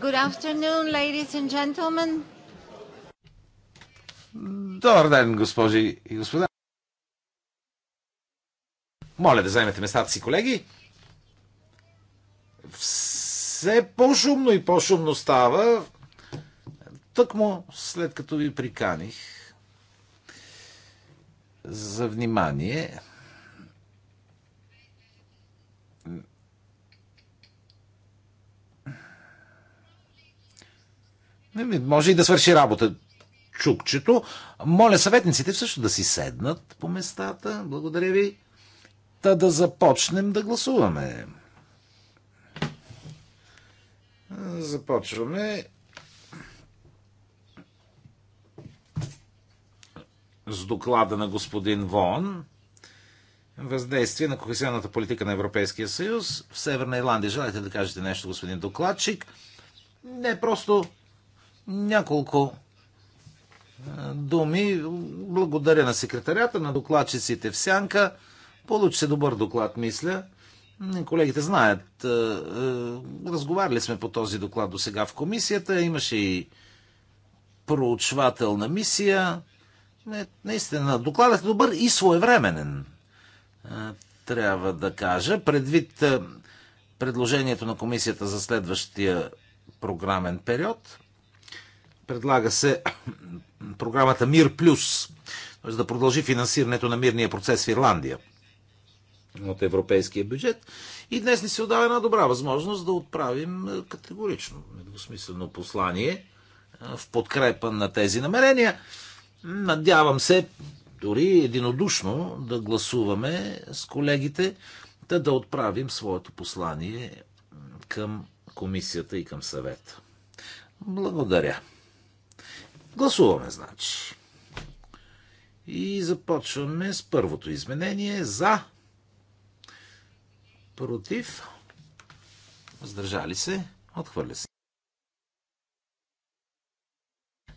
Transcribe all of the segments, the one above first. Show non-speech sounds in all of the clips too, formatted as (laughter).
Good afternoon, ladies and gentlemen. Добър ден, госпожи и господа. Моля да вземете местата си, колеги. Все по-шумно и по-шумно става. Тъкмо след като ви приканих за внимание. Нали, може и да свърши работа чукчето. Моля съветниците също да си седнат по местата. Благодаря ви. Та да започнем да гласуваме. Започваме с доклада на господин Вон. Въздействие на кохесионната политика на Европейския съюз в Северна Ирландия. Желаете да кажете нещо, господин докладчик? Не, просто няколко е, думи. Благодаря на секретарята, на докладчиците в Сянка. Получи се добър доклад, мисля. Колегите знаят, е, е, разговаряли сме по този доклад до сега в комисията, имаше и проучвателна мисия. Наистина, докладът е добър и своевременен, трябва да кажа. Предвид предложението на комисията за следващия програмен период – Предлага се програмата Мир Плюс, т.е. да продължи финансирането на мирния процес в Ирландия от европейския бюджет. И днес ни се отдава една добра възможност да отправим е, категорично, недвусмислено послание е, в подкрепа на тези намерения. Надявам се, дори единодушно да гласуваме с колегите, да, да отправим своето послание към комисията и към съвета. Благодаря. Гласуваме, значи. И започваме с първото изменение за против въздържали се, отхвърля се.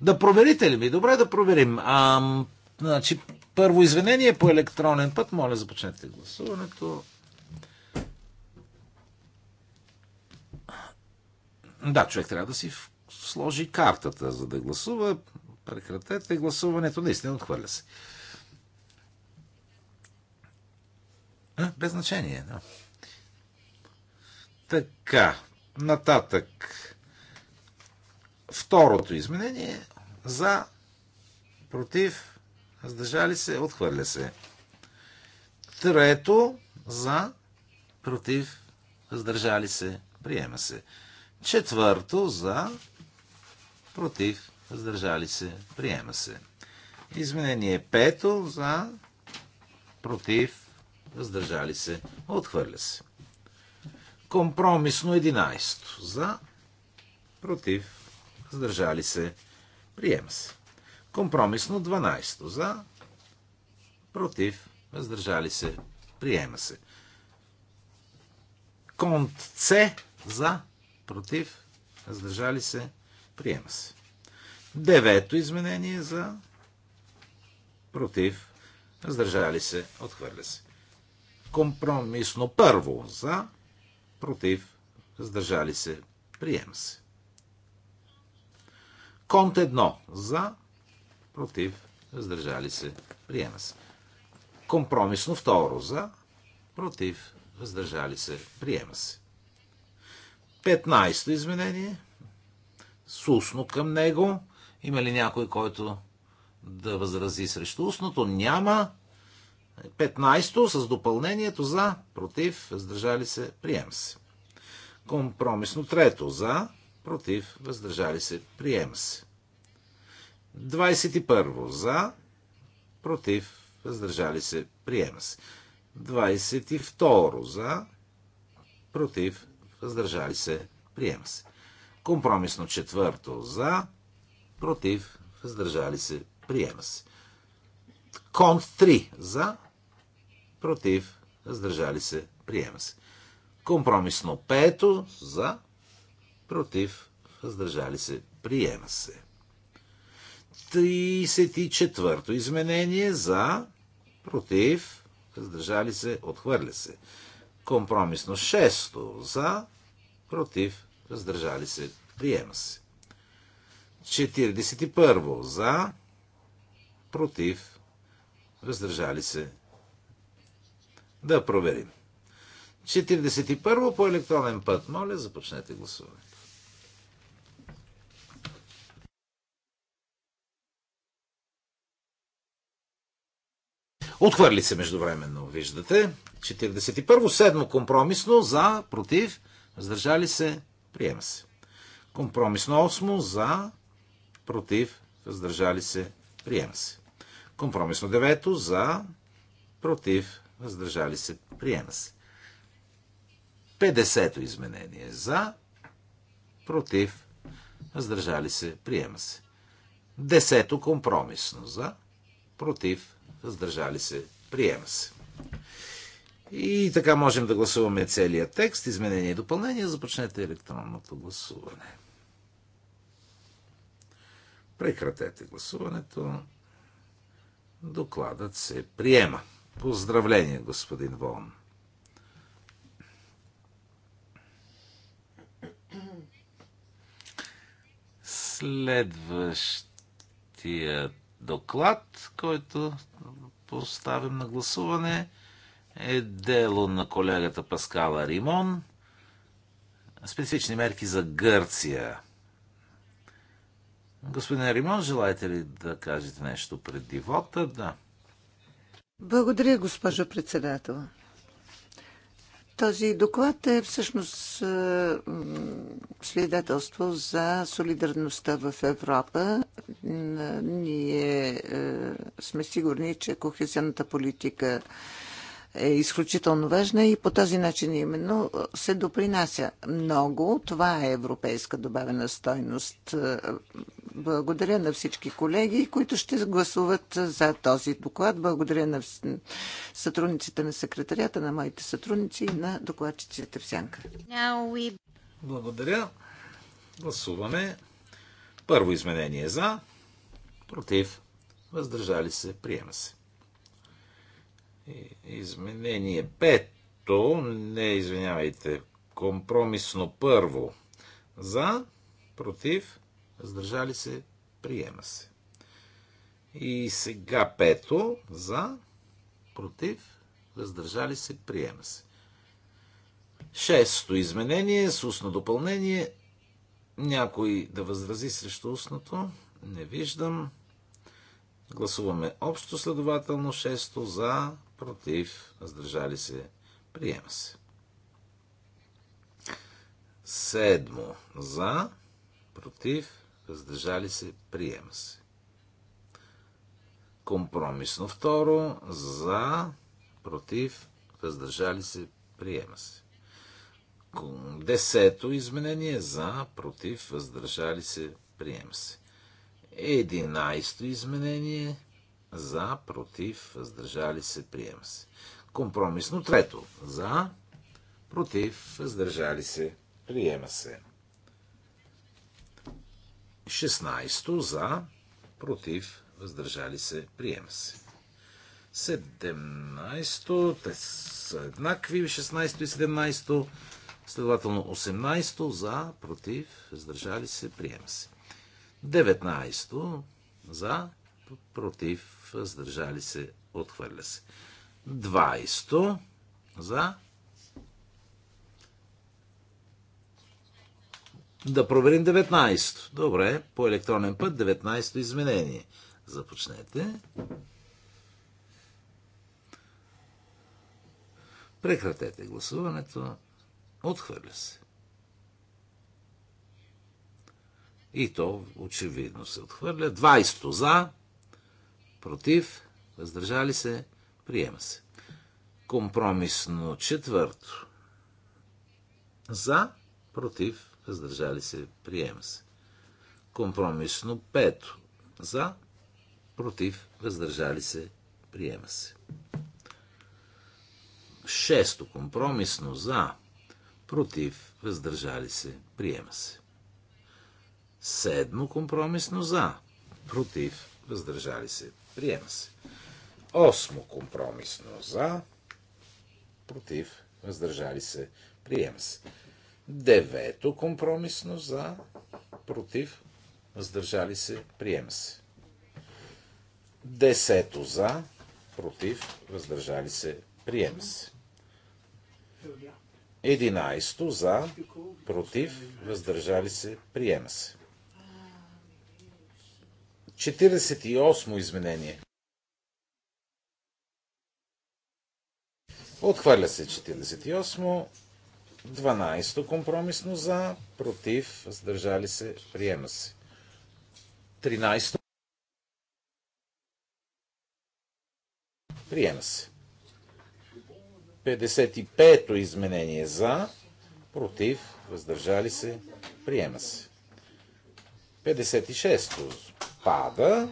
Да проверите ли ми? Добре да проверим. А, значи, първо извинение по електронен път. Моля, започнете гласуването. Да, човек трябва да си в сложи картата, за да гласува. Прекратете гласуването. Наистина отхвърля се. А, без значение. Но. Така, нататък. Второто изменение за, против, раздържали се, отхвърля се. Трето за, против, раздържали се, приема се. Четвърто за, против, въздържали се, приема се. Изменение 5 за, против, въздържали се, отхвърля се. Компромисно 11 за, против, въздържали се, приема се. Компромисно 12 за, против, въздържали се, приема се. Конт С за, против, въздържали се, Приема се. Девето изменение за против. раздържали се. Отхвърля се. Компромисно първо за против. Раздържали се. Приема се. Конт едно за против. раздържали се. Приема се. Компромисно второ за против. Въздържали се. Приема се. 15 изменение с устно към него. Има ли някой, който да възрази срещу устното? Няма. 15-то с допълнението за, против, въздържали се, прием се. Компромисно трето за, против, въздържали се, прием се. 21 за, против, въздържали се, приема се. 22 за, против, въздържали се, прием се. Компромисно четвърто за, против, въздържали се, приема се. Конт 3 за, против, въздържали се, приема се. Компромисно пето за, против, въздържали се, приема се. 34-то изменение за, против, въздържали се, отхвърля се. Компромисно 6 за, против, Въздържали се. Приема се. 41. За. Против. Въздържали се. Да проверим. 41 по електронен път. Моля, започнете гласуването. Отхвърли се междувременно, виждате. 41 седмо компромисно, за, против, въздържали се, Приема се. Компромисно 8 за, против, въздържали се, приема се. Компромисно 9 за, против, въздържали се, приема се. 50-то изменение за, против, въздържали се, приема се. Десето компромисно за, против, въздържали се, приема се. И така можем да гласуваме целият текст. Изменение и допълнение. Започнете електронното гласуване. Прекратете гласуването. Докладът се приема. Поздравление, господин Волн. Следващия доклад, който поставим на гласуване е е дело на колегата Паскала Римон. Специфични мерки за Гърция. Господин Римон, желаете ли да кажете нещо преди вота? Да. Благодаря, госпожо председател. Този доклад е всъщност е, свидетелство за солидарността в Европа. Ние е, сме сигурни, че кохезионната политика е изключително важна и по този начин именно се допринася много. Това е европейска добавена стойност. Е, благодаря на всички колеги, които ще гласуват за този доклад. Благодаря на сътрудниците на секретарията, на моите сътрудници и на докладчиците в Сянка. We... Благодаря. Гласуваме. Първо изменение за, против, въздържали се, приема се. Изменение пето, не извинявайте, компромисно първо. За, против, въздържали се, приема се. И сега пето, за, против, въздържали се, приема се. Шесто изменение с устно допълнение. Някой да възрази срещу устното? Не виждам. Гласуваме общо следователно. Шесто за, против, въздържали се, приема се. Седмо за, против, въздържали се, приема се. Компромисно второ, за, против, въздържали се, приема се. Десето изменение за, против, въздържали се, приема се. Единайсто изменение за, против, въздържали се, приема се. Компромисно трето. За, против, въздържали се, приема се. 16 за, против, въздържали се, приема се. 17 те са еднакви, 16 и 17 следователно 18 за, против, въздържали се, приема се. 19 за, против, Сдържали се, отхвърля се. 20 за. Да проверим 19. Добре, по електронен път 19 изменение. Започнете. Прекратете гласуването. Отхвърля се. И то очевидно се отхвърля. 20 за против, въздържали се, приема се. Компромисно четвърто. За, против, въздържали се, приема се. Компромисно пето. За, против, въздържали се, приема се. Шесто компромисно за, против, въздържали се, приема се. Седмо компромисно за, против, въздържали се, Приема се. Осмо компромисно за. Против. Въздържали се. Приема се. Девето компромисно за. Против. Въздържали се. Приема се. Десето за. Против. Въздържали се. Приема се. Единайсто за. Против. Въздържали се. Приема се. 48 изменение. Отхвърля се 48. 12 компромисно за, против, въздържали се, приема се. 13 приема се. 55-то изменение за, против, въздържали се, приема се. 56-то пада,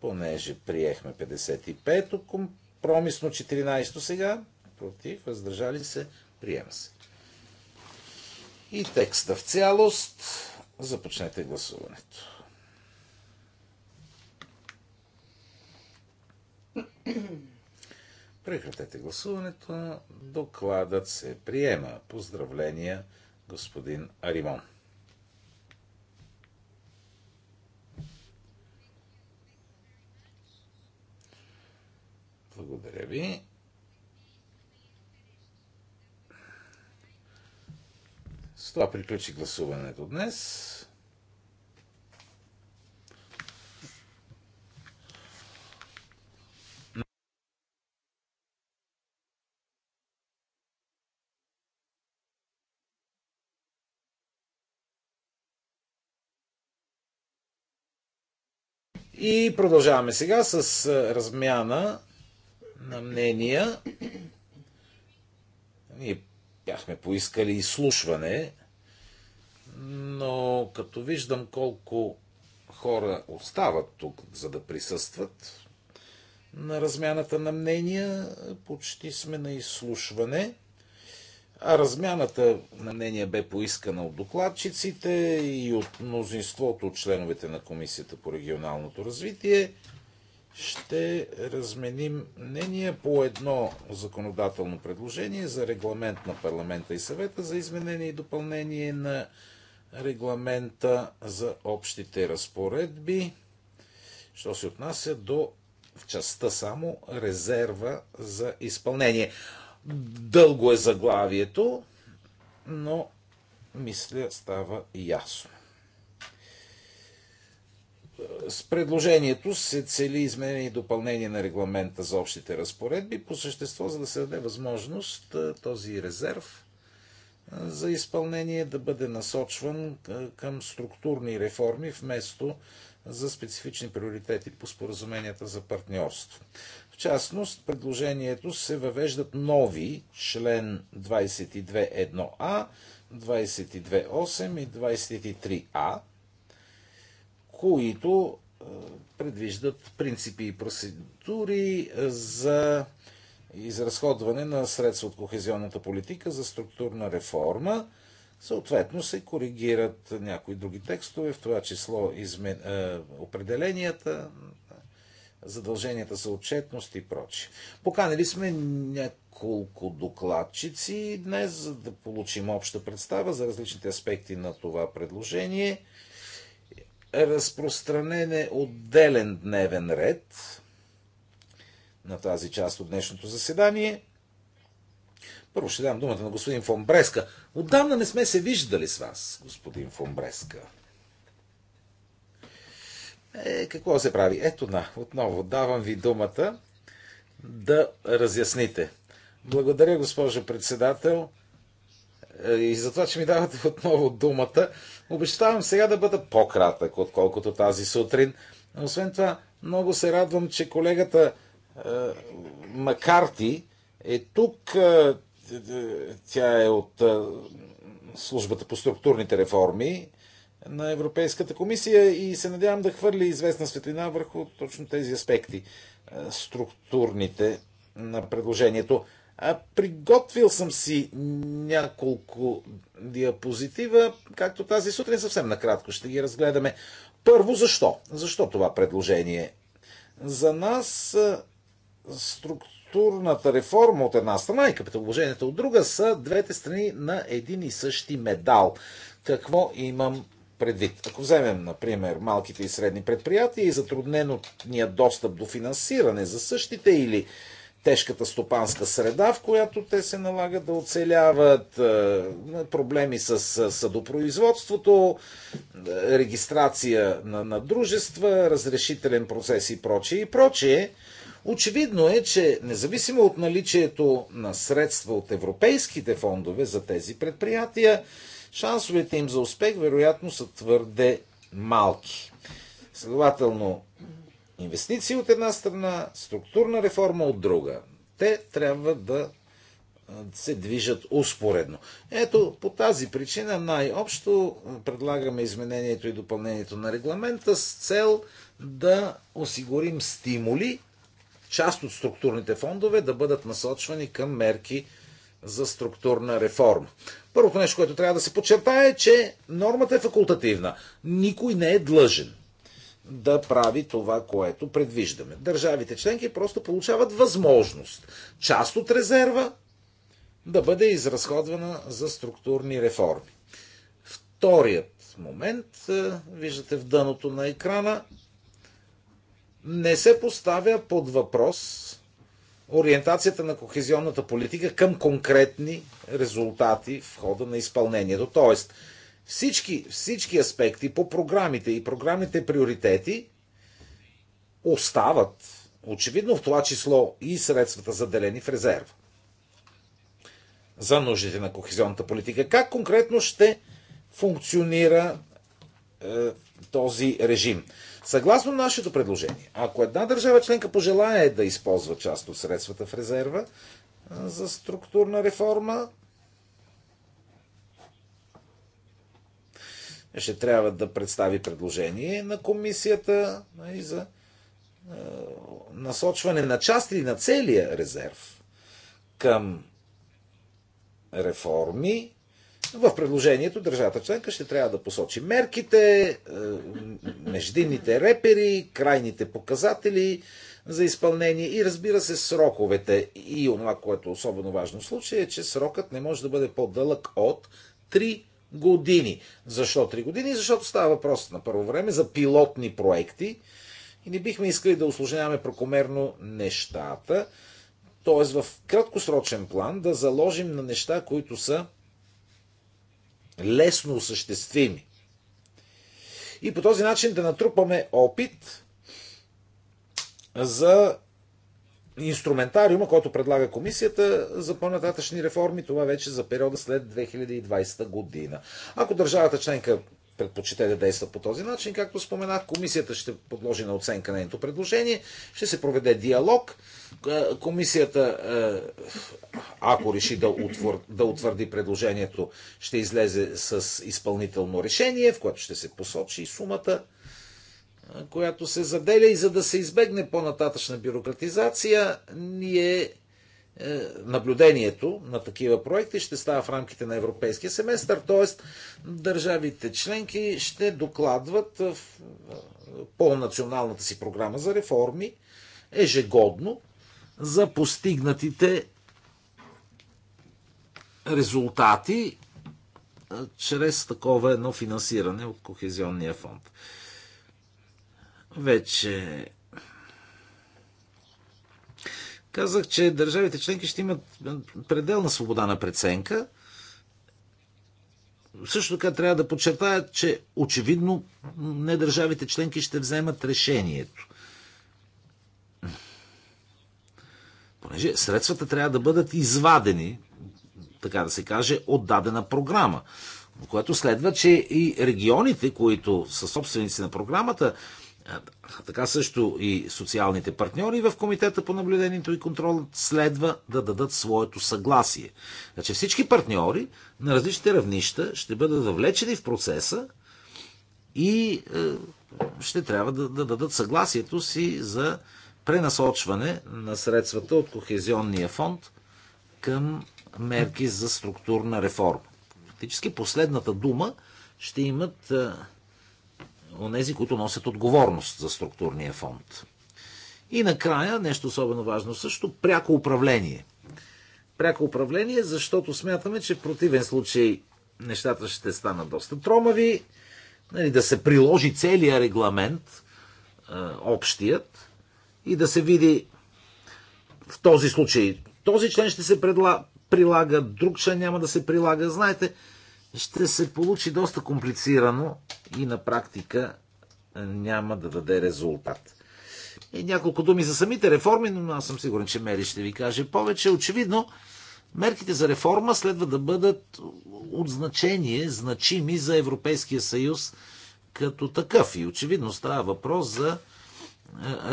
понеже приехме 55-то, компромисно 14-то сега, против, въздържали се, приема се. И текста в цялост. Започнете гласуването. Прекратете гласуването. Докладът се приема. Поздравления, господин Аримон. Благодаря ви. С това приключи гласуването днес. И продължаваме сега с размяна на мнения. Ние бяхме поискали изслушване, но като виждам колко хора остават тук, за да присъстват на размяната на мнения, почти сме на изслушване. А размяната на мнения бе поискана от докладчиците и от мнозинството от членовете на Комисията по регионалното развитие – ще разменим мнение по едно законодателно предложение за регламент на парламента и съвета за изменение и допълнение на регламента за общите разпоредби, що се отнася до в частта само резерва за изпълнение. Дълго е заглавието, но мисля става ясно. С предложението се цели изменение и допълнение на регламента за общите разпоредби по същество, за да се даде възможност този резерв за изпълнение да бъде насочван към структурни реформи вместо за специфични приоритети по споразуменията за партньорство. В частност, предложението се въвеждат нови член 22.1а, 22.8 и 23а, които е, предвиждат принципи и процедури е, за изразходване на средства от кохезионната политика за структурна реформа. Съответно се коригират някои други текстове, в това число измен... Е, определенията, задълженията за отчетност и прочие. Поканили сме няколко докладчици днес, за да получим обща представа за различните аспекти на това предложение – е разпространен е отделен дневен ред на тази част от днешното заседание. Първо ще дам думата на господин Фон Бреска. Отдавна не сме се виждали с вас, господин Фон Бреска. Е, какво се прави? Ето на, отново давам ви думата да разясните. Благодаря, госпожо председател, е, и за това, че ми давате отново думата. Обещавам сега да бъда по-кратък, отколкото тази сутрин. Освен това, много се радвам, че колегата е, Макарти е тук. Е, е, тя е от е, службата по структурните реформи на Европейската комисия и се надявам да хвърли известна светлина върху точно тези аспекти е, структурните на предложението. А, приготвил съм си няколко диапозитива, както тази сутрин съвсем накратко ще ги разгледаме. Първо, защо? Защо това предложение? За нас структурната реформа от една страна и капиталовложението от друга са двете страни на един и същи медал. Какво имам предвид? Ако вземем, например, малките и средни предприятия и затрудненият достъп до финансиране за същите или тежката стопанска среда, в която те се налагат да оцеляват, е, проблеми с съдопроизводството, е, регистрация на, на дружества, разрешителен процес и прочее и прочее. Очевидно е, че независимо от наличието на средства от европейските фондове за тези предприятия, шансовете им за успех вероятно са твърде малки. Следователно, Инвестиции от една страна, структурна реформа от друга. Те трябва да се движат успоредно. Ето, по тази причина най-общо предлагаме изменението и допълнението на регламента с цел да осигурим стимули, част от структурните фондове да бъдат насочвани към мерки за структурна реформа. Първото нещо, което трябва да се подчертае е, че нормата е факултативна. Никой не е длъжен да прави това, което предвиждаме. Държавите членки просто получават възможност част от резерва да бъде изразходвана за структурни реформи. Вторият момент, е, виждате в дъното на екрана, не се поставя под въпрос ориентацията на кохезионната политика към конкретни резултати в хода на изпълнението. Тоест, всички, всички аспекти по програмите и програмните приоритети остават, очевидно в това число и средствата заделени в резерва за нуждите на кохезионната политика. Как конкретно ще функционира е, този режим? Съгласно нашето предложение, ако една държава членка пожелая да използва част от средствата в резерва за структурна реформа, ще трябва да представи предложение на комисията и нали, за е, насочване на част или на целия резерв към реформи. В предложението държавата членка ще трябва да посочи мерките, е, междинните репери, крайните показатели за изпълнение и разбира се сроковете. И това, което е особено важно в случая е, че срокът не може да бъде по-дълъг от години. Защо 3 години? Защото става въпрос на първо време за пилотни проекти и не бихме искали да осложняваме прокомерно нещата. т.е. в краткосрочен план да заложим на неща, които са лесно осъществими. И по този начин да натрупаме опит за инструментариума, който предлага комисията за по-нататъчни реформи, това вече за периода след 2020 година. Ако държавата членка предпочете да действа по този начин, както споменах, комисията ще подложи на оценка нейното предложение, ще се проведе диалог. Е, комисията, е, ако реши да, да утвърди предложението, ще излезе с изпълнително решение, в което ще се посочи и сумата която се заделя и за да се избегне по-нататъчна бюрократизация, ние е, наблюдението на такива проекти ще става в рамките на европейския семестър, т.е. държавите членки ще докладват в, е, по националната си програма за реформи ежегодно за постигнатите резултати е, чрез такова едно финансиране от Кохезионния фонд. Вече казах, че държавите членки ще имат пределна свобода на преценка. Също така трябва да подчертая, че очевидно не държавите членки ще вземат решението. Понеже средствата трябва да бъдат извадени, така да се каже, от дадена програма. Което следва, че и регионите, които са собственици на програмата, а така също и социалните партньори в Комитета по наблюдението и контрол следва да дадат своето съгласие. Значи всички партньори на различните равнища ще бъдат въвлечени в процеса и е, ще трябва да, да дадат съгласието си за пренасочване на средствата от Кохезионния фонд към мерки за структурна реформа. Фактически последната дума ще имат. Е, онези, които носят отговорност за структурния фонд. И накрая, нещо особено важно също, пряко управление. Пряко управление, защото смятаме, че в противен случай нещата ще станат доста тромави, нали, да се приложи целият регламент, е, общият, и да се види в този случай. Този член ще се предла, прилага, друг член няма да се прилага. Знаете, ще се получи доста комплицирано и на практика е, няма да даде резултат. И няколко думи за самите реформи, но аз съм сигурен, че Мери ще ви каже повече. Очевидно, мерките за реформа следва да бъдат от значение, значими за Европейския съюз като такъв. И очевидно става въпрос за е,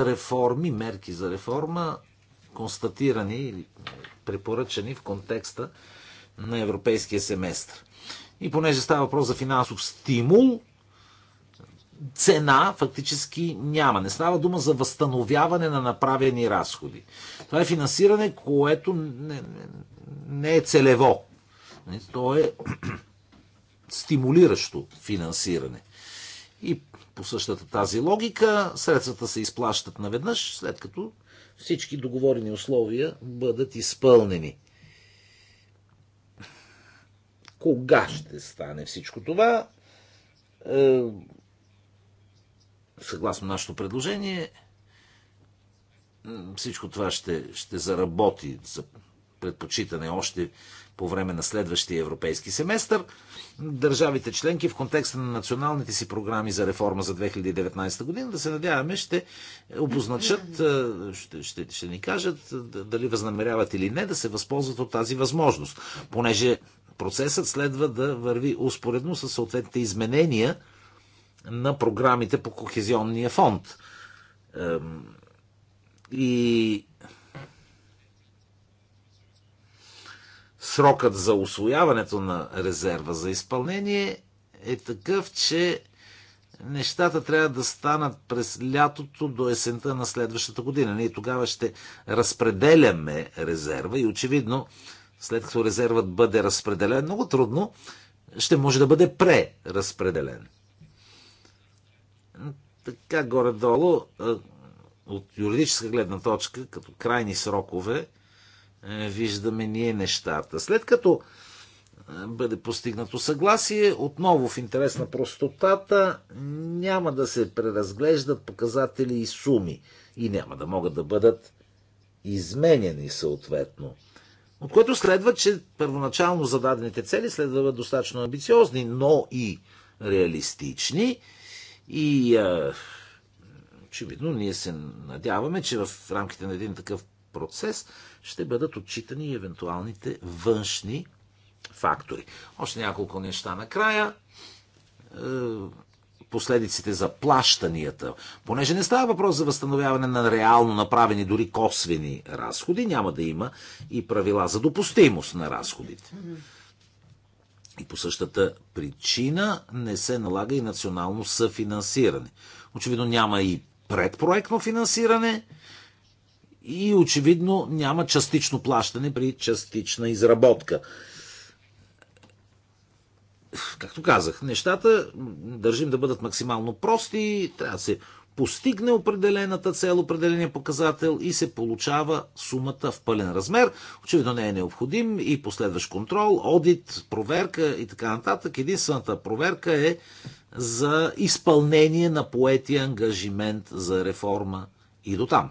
реформи, мерки за реформа, констатирани или препоръчани в контекста на европейския семестър. И понеже става въпрос за финансов стимул, цена фактически няма. Не става дума за възстановяване на направени разходи. Това е финансиране, което не, не, не е целево. То е (clears throat) стимулиращо финансиране. И по същата тази логика средствата се изплащат наведнъж, след като всички договорени условия бъдат изпълнени. Кога ще стане всичко това? Е, съгласно нашето предложение, всичко това ще, ще заработи за предпочитане още по време на следващия европейски семестър. Държавите членки в контекста на националните си програми за реформа за 2019 година, да се надяваме, ще обозначат, е, ще, ще, ще ни кажат е, дали възнамеряват или не да се възползват от тази възможност. Понеже процесът следва да върви успоредно с съответните изменения на програмите по Кохезионния фонд. И срокът за освояването на резерва за изпълнение е такъв, че нещата трябва да станат през лятото до есента на следващата година. Ние тогава ще разпределяме резерва и очевидно след като резервът бъде разпределен, много трудно ще може да бъде преразпределен. Така горе-долу, от юридическа гледна точка, като крайни срокове, е, виждаме ние нещата. След като бъде постигнато съгласие, отново в интерес на простотата няма да се преразглеждат показатели и суми и няма да могат да бъдат изменени съответно. От което следва, че първоначално зададените цели следва да бъдат достатъчно амбициозни, но и реалистични. И а, очевидно ние се надяваме, че в рамките на един такъв процес ще бъдат отчитани и евентуалните външни фактори. Още няколко неща накрая. Е, последиците за плащанията, понеже не става въпрос за възстановяване на реално направени дори косвени разходи, няма да има и правила за допустимост на разходите. И по същата причина не се налага и национално съфинансиране. Очевидно няма и предпроектно финансиране и очевидно няма частично плащане при частична изработка както казах, нещата държим да бъдат максимално прости, трябва да се постигне определената цел, определения показател и се получава сумата в пълен размер. Очевидно не е необходим и последващ контрол, одит, проверка и така нататък. Единствената проверка е за изпълнение на поетия ангажимент за реформа и до там.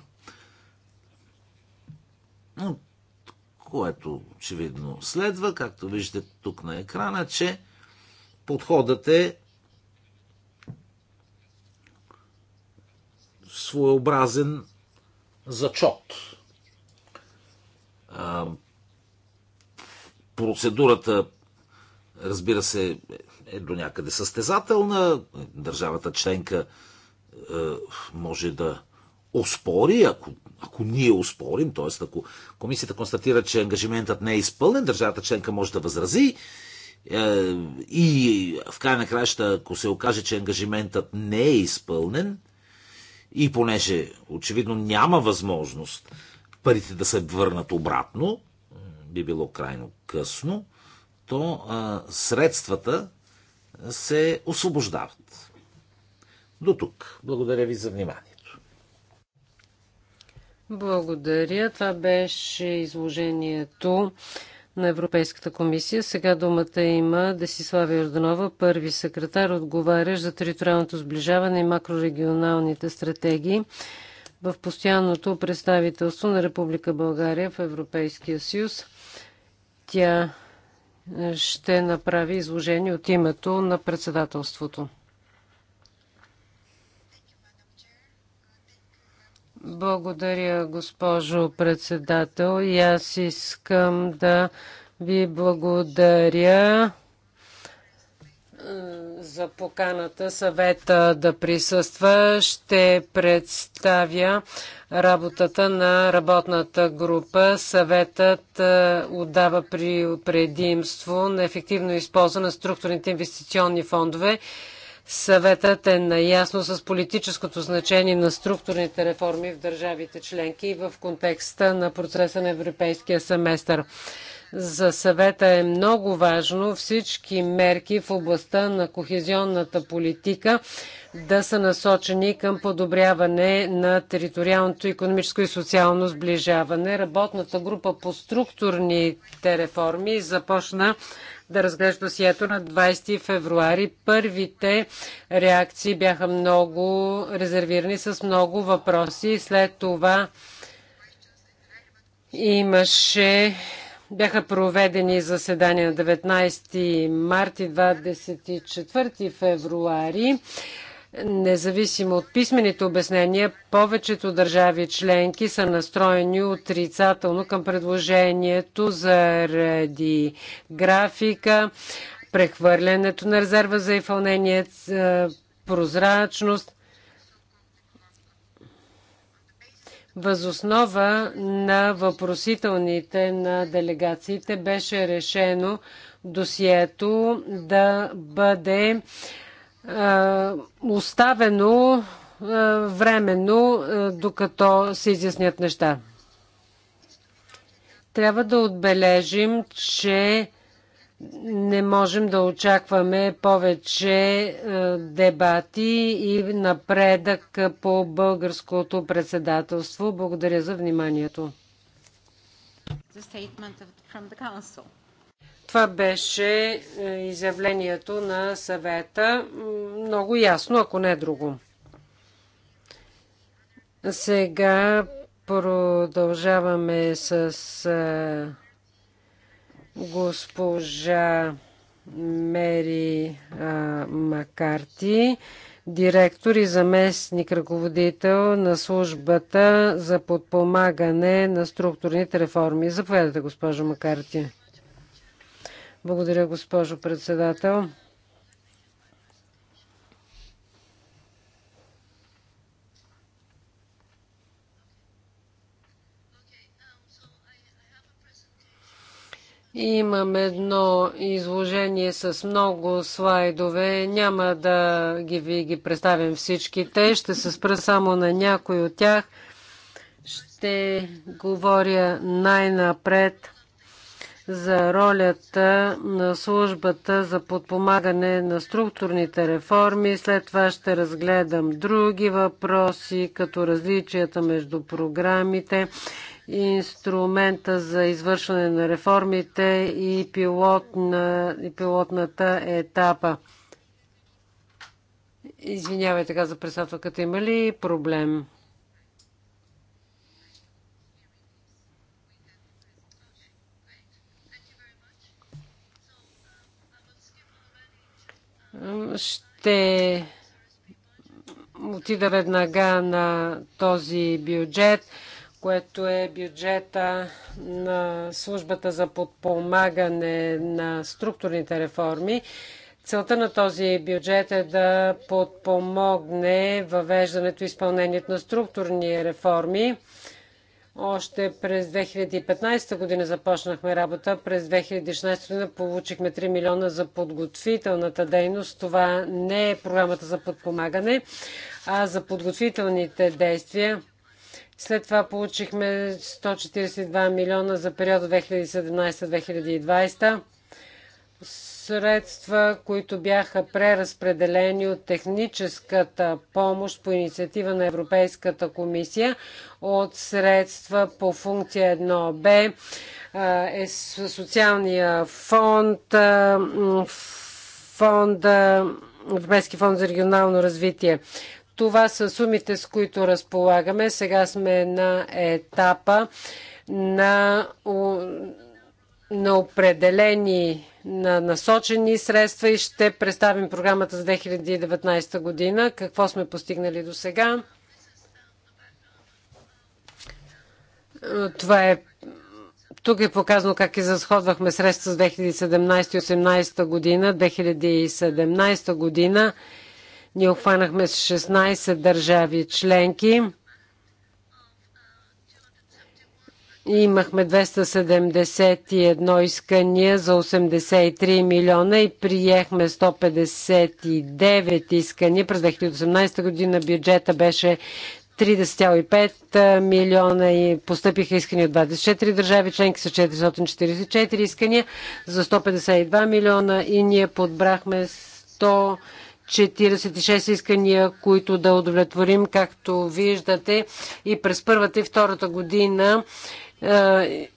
Което очевидно следва, както виждате тук на екрана, че подходът е своеобразен зачот. Процедурата, разбира се, е до някъде състезателна. Държавата членка е, може да оспори, ако, ако ние оспорим, т.е. ако комисията констатира, че ангажиментът не е изпълнен, държавата членка може да възрази е, и в край на краща, ако се окаже, че ангажиментът не е изпълнен, и понеже очевидно няма възможност парите да се върнат обратно, би било крайно късно, то а, средствата се освобождават. До тук. Благодаря ви за вниманието. Благодаря. Това беше изложението на Европейската комисия. Сега думата има Десислава Йорданова, първи секретар, отговарящ за териториалното сближаване и макрорегионалните стратегии в постоянното представителство на Република България в Европейския съюз. Тя е, ще направи изложение от името на председателството. Благодаря, госпожо председател. И аз искам да ви благодаря е, за поканата съвета да присъства. Ще представя работата на работната група. Съветът е, отдава при предимство на ефективно използване на структурните инвестиционни фондове Съветът е наясно с политическото значение на структурните реформи в държавите членки и в контекста на процеса на европейския семестър. За съвета е много важно всички мерки в областта на кохезионната политика да са насочени към подобряване на териториалното економическо и социално сближаване. Работната група по структурните реформи започна да разглежда досието на 20 февруари. Първите реакции бяха много резервирани с много въпроси. След това имаше бяха проведени заседания на 19 март и 24 февруари. Независимо от писмените обяснения, повечето държави членки са настроени отрицателно към предложението заради графика, прехвърлянето на резерва за изпълнение, е, прозрачност. Възоснова на въпросителните на делегациите беше решено досието да бъде е, оставено е, временно, е, докато се изяснят неща. Трябва да отбележим, че не можем да очакваме повече дебати и напредък по българското председателство. Благодаря за вниманието. Това беше е, изявлението на съвета. Много ясно, ако не е друго. Сега продължаваме с е, госпожа Мери е, Макарти, директор и заместник ръководител на службата за подпомагане на структурните реформи. Заповядайте, госпожо Макарти. Благодаря, госпожо председател. Имам едно изложение с много слайдове. Няма да ги ви ги представим всичките. Ще се спра само на някой от тях. Ще говоря най-напред за ролята на службата за подпомагане на структурните реформи. След това ще разгледам други въпроси, като различията между програмите, инструмента за извършване на реформите и, пилотна, и пилотната етапа. Извинявайте, каза председателката, има ли проблем? Ще отида веднага на този бюджет, което е бюджета на службата за подпомагане на структурните реформи. Целта на този бюджет е да подпомогне въвеждането и изпълнението на структурни реформи още през 2015 година започнахме работа. През 2016 година получихме 3 милиона за подготвителната дейност. Това не е програмата за подпомагане, а за подготвителните действия. След това получихме 142 милиона за периода 2017-2020 средства, които бяха преразпределени от техническата помощ по инициатива на Европейската комисия от средства по функция 1Б, е, е социалния фонд, е, фонда, Европейски фонд за регионално развитие. Това са сумите, с които разполагаме. Сега сме на етапа на на определени на насочени средства и ще представим програмата за 2019 година. Какво сме постигнали до сега? Това е тук е показано как изразходвахме средства с 2017-2018 година. 2017 година охванахме обхванахме 16 държави членки. Имахме 271 искания за 83 милиона и приехме 159 искания. През 2018 година бюджета беше 30,5 милиона и постъпиха искания от 24 държави членки с 444 искания за 152 милиона и ние подбрахме 146 искания, които да удовлетворим, както виждате. И през първата и втората година е,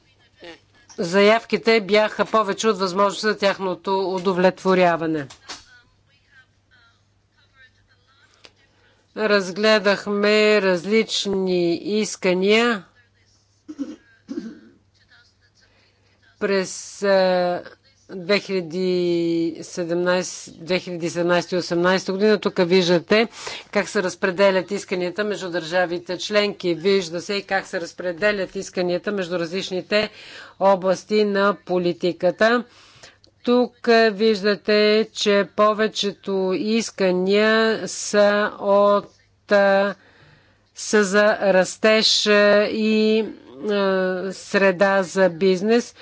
заявките бяха повече от възможността за тяхното удовлетворяване. Разгледахме различни искания през е, 2017-2018 година. Тук виждате как се разпределят исканията между държавите членки. Вижда се и как се разпределят исканията между различните области на политиката. Тук виждате, че повечето искания са от са за растеж и среда за бизнес.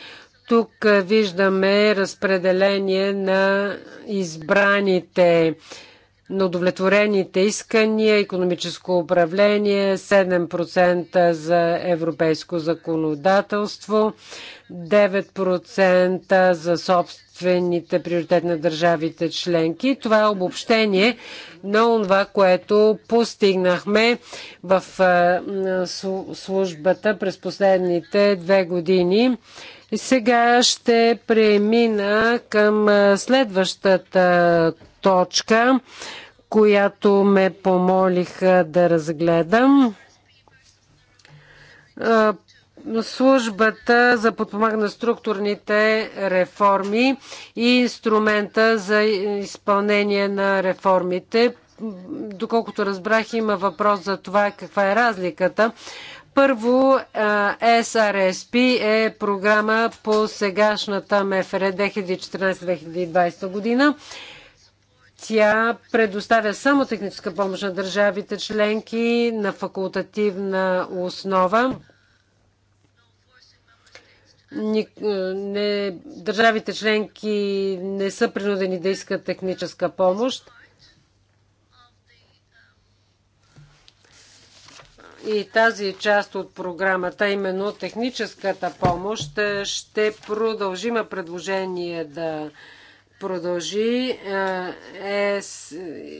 Тук виждаме разпределение на избраните на удовлетворените искания, економическо управление, 7% за европейско законодателство, 9% за собствените приоритети на държавите членки. Това е обобщение на това, което постигнахме в службата през последните две години сега ще премина към следващата точка, която ме помолиха да разгледам службата за подпомагане на структурните реформи и инструмента за изпълнение на реформите. Доколкото разбрах, има въпрос за това каква е разликата първо, SRSP е програма по сегашната МФР 2014-2020 година. Тя предоставя само техническа помощ на държавите членки на факултативна основа. държавите членки не са принудени да искат техническа помощ. и тази част от програмата, именно техническата помощ, е, ще продължим предложение да продължи е, е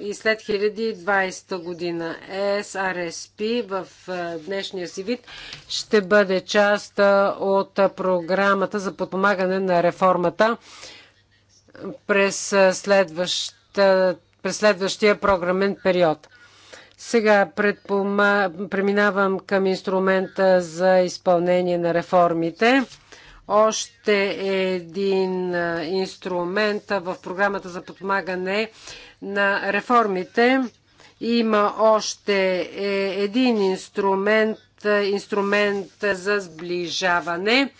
и след 2020 година. SRSP е в днешния си вид ще бъде част от програмата за подпомагане на реформата през, следващ, през следващия програмен период. Сега предпома... преминавам към инструмента за изпълнение на реформите. Още един инструмент в програмата за подпомагане на реформите. Има още е, един инструмент, инструмент за сближаване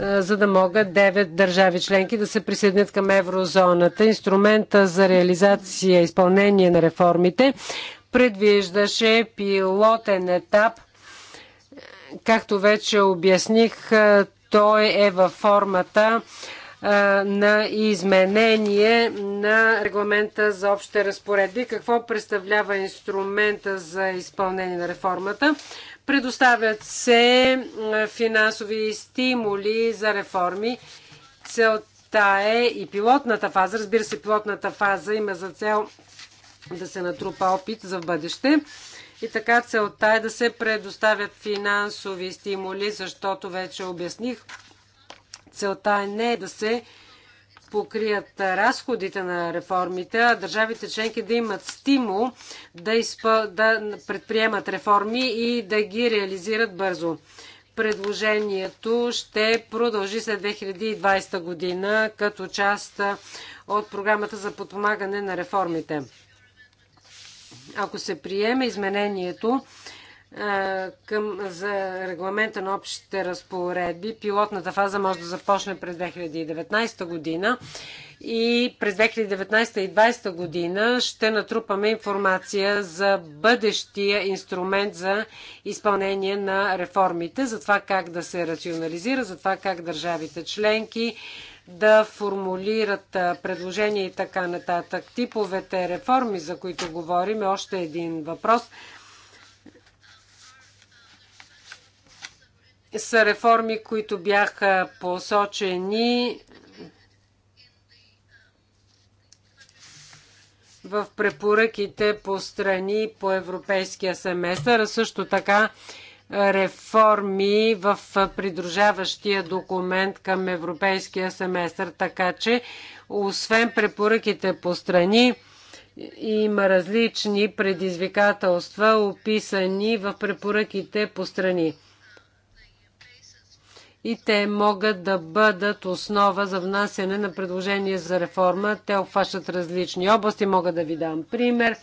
за да могат 9 държави членки да се присъединят към еврозоната. Инструмента за реализация и изпълнение на реформите предвиждаше пилотен етап. Както вече обясних, той е във формата на изменение на регламента за общите разпоредби. Какво представлява инструмента за изпълнение на реформата? Предоставят се финансови стимули за реформи. Целта е и пилотната фаза. Разбира се, пилотната фаза има за цел да се натрупа опит за бъдеще. И така целта е да се предоставят финансови стимули, защото вече обясних, целта е не да се покрият разходите на реформите, а държавите членки да имат стимул да, изпъ... да предприемат реформи и да ги реализират бързо. Предложението ще продължи след 2020 година като част от програмата за подпомагане на реформите. Ако се приеме изменението към, за регламента на общите разпоредби, пилотната фаза може да започне през 2019 година и през 2019 и 2020 година ще натрупаме информация за бъдещия инструмент за изпълнение на реформите, за това как да се рационализира, за това как държавите членки да формулират предложения и така нататък. Типовете реформи, за които говорим, е още един въпрос. Са реформи, които бяха посочени в препоръките по страни по европейския семестър, а също така реформи в придружаващия документ към европейския семестър, така че освен препоръките по страни, има различни предизвикателства, описани в препоръките по страни. И те могат да бъдат основа за внасяне на предложения за реформа. Те обхващат различни области. Мога да ви дам пример.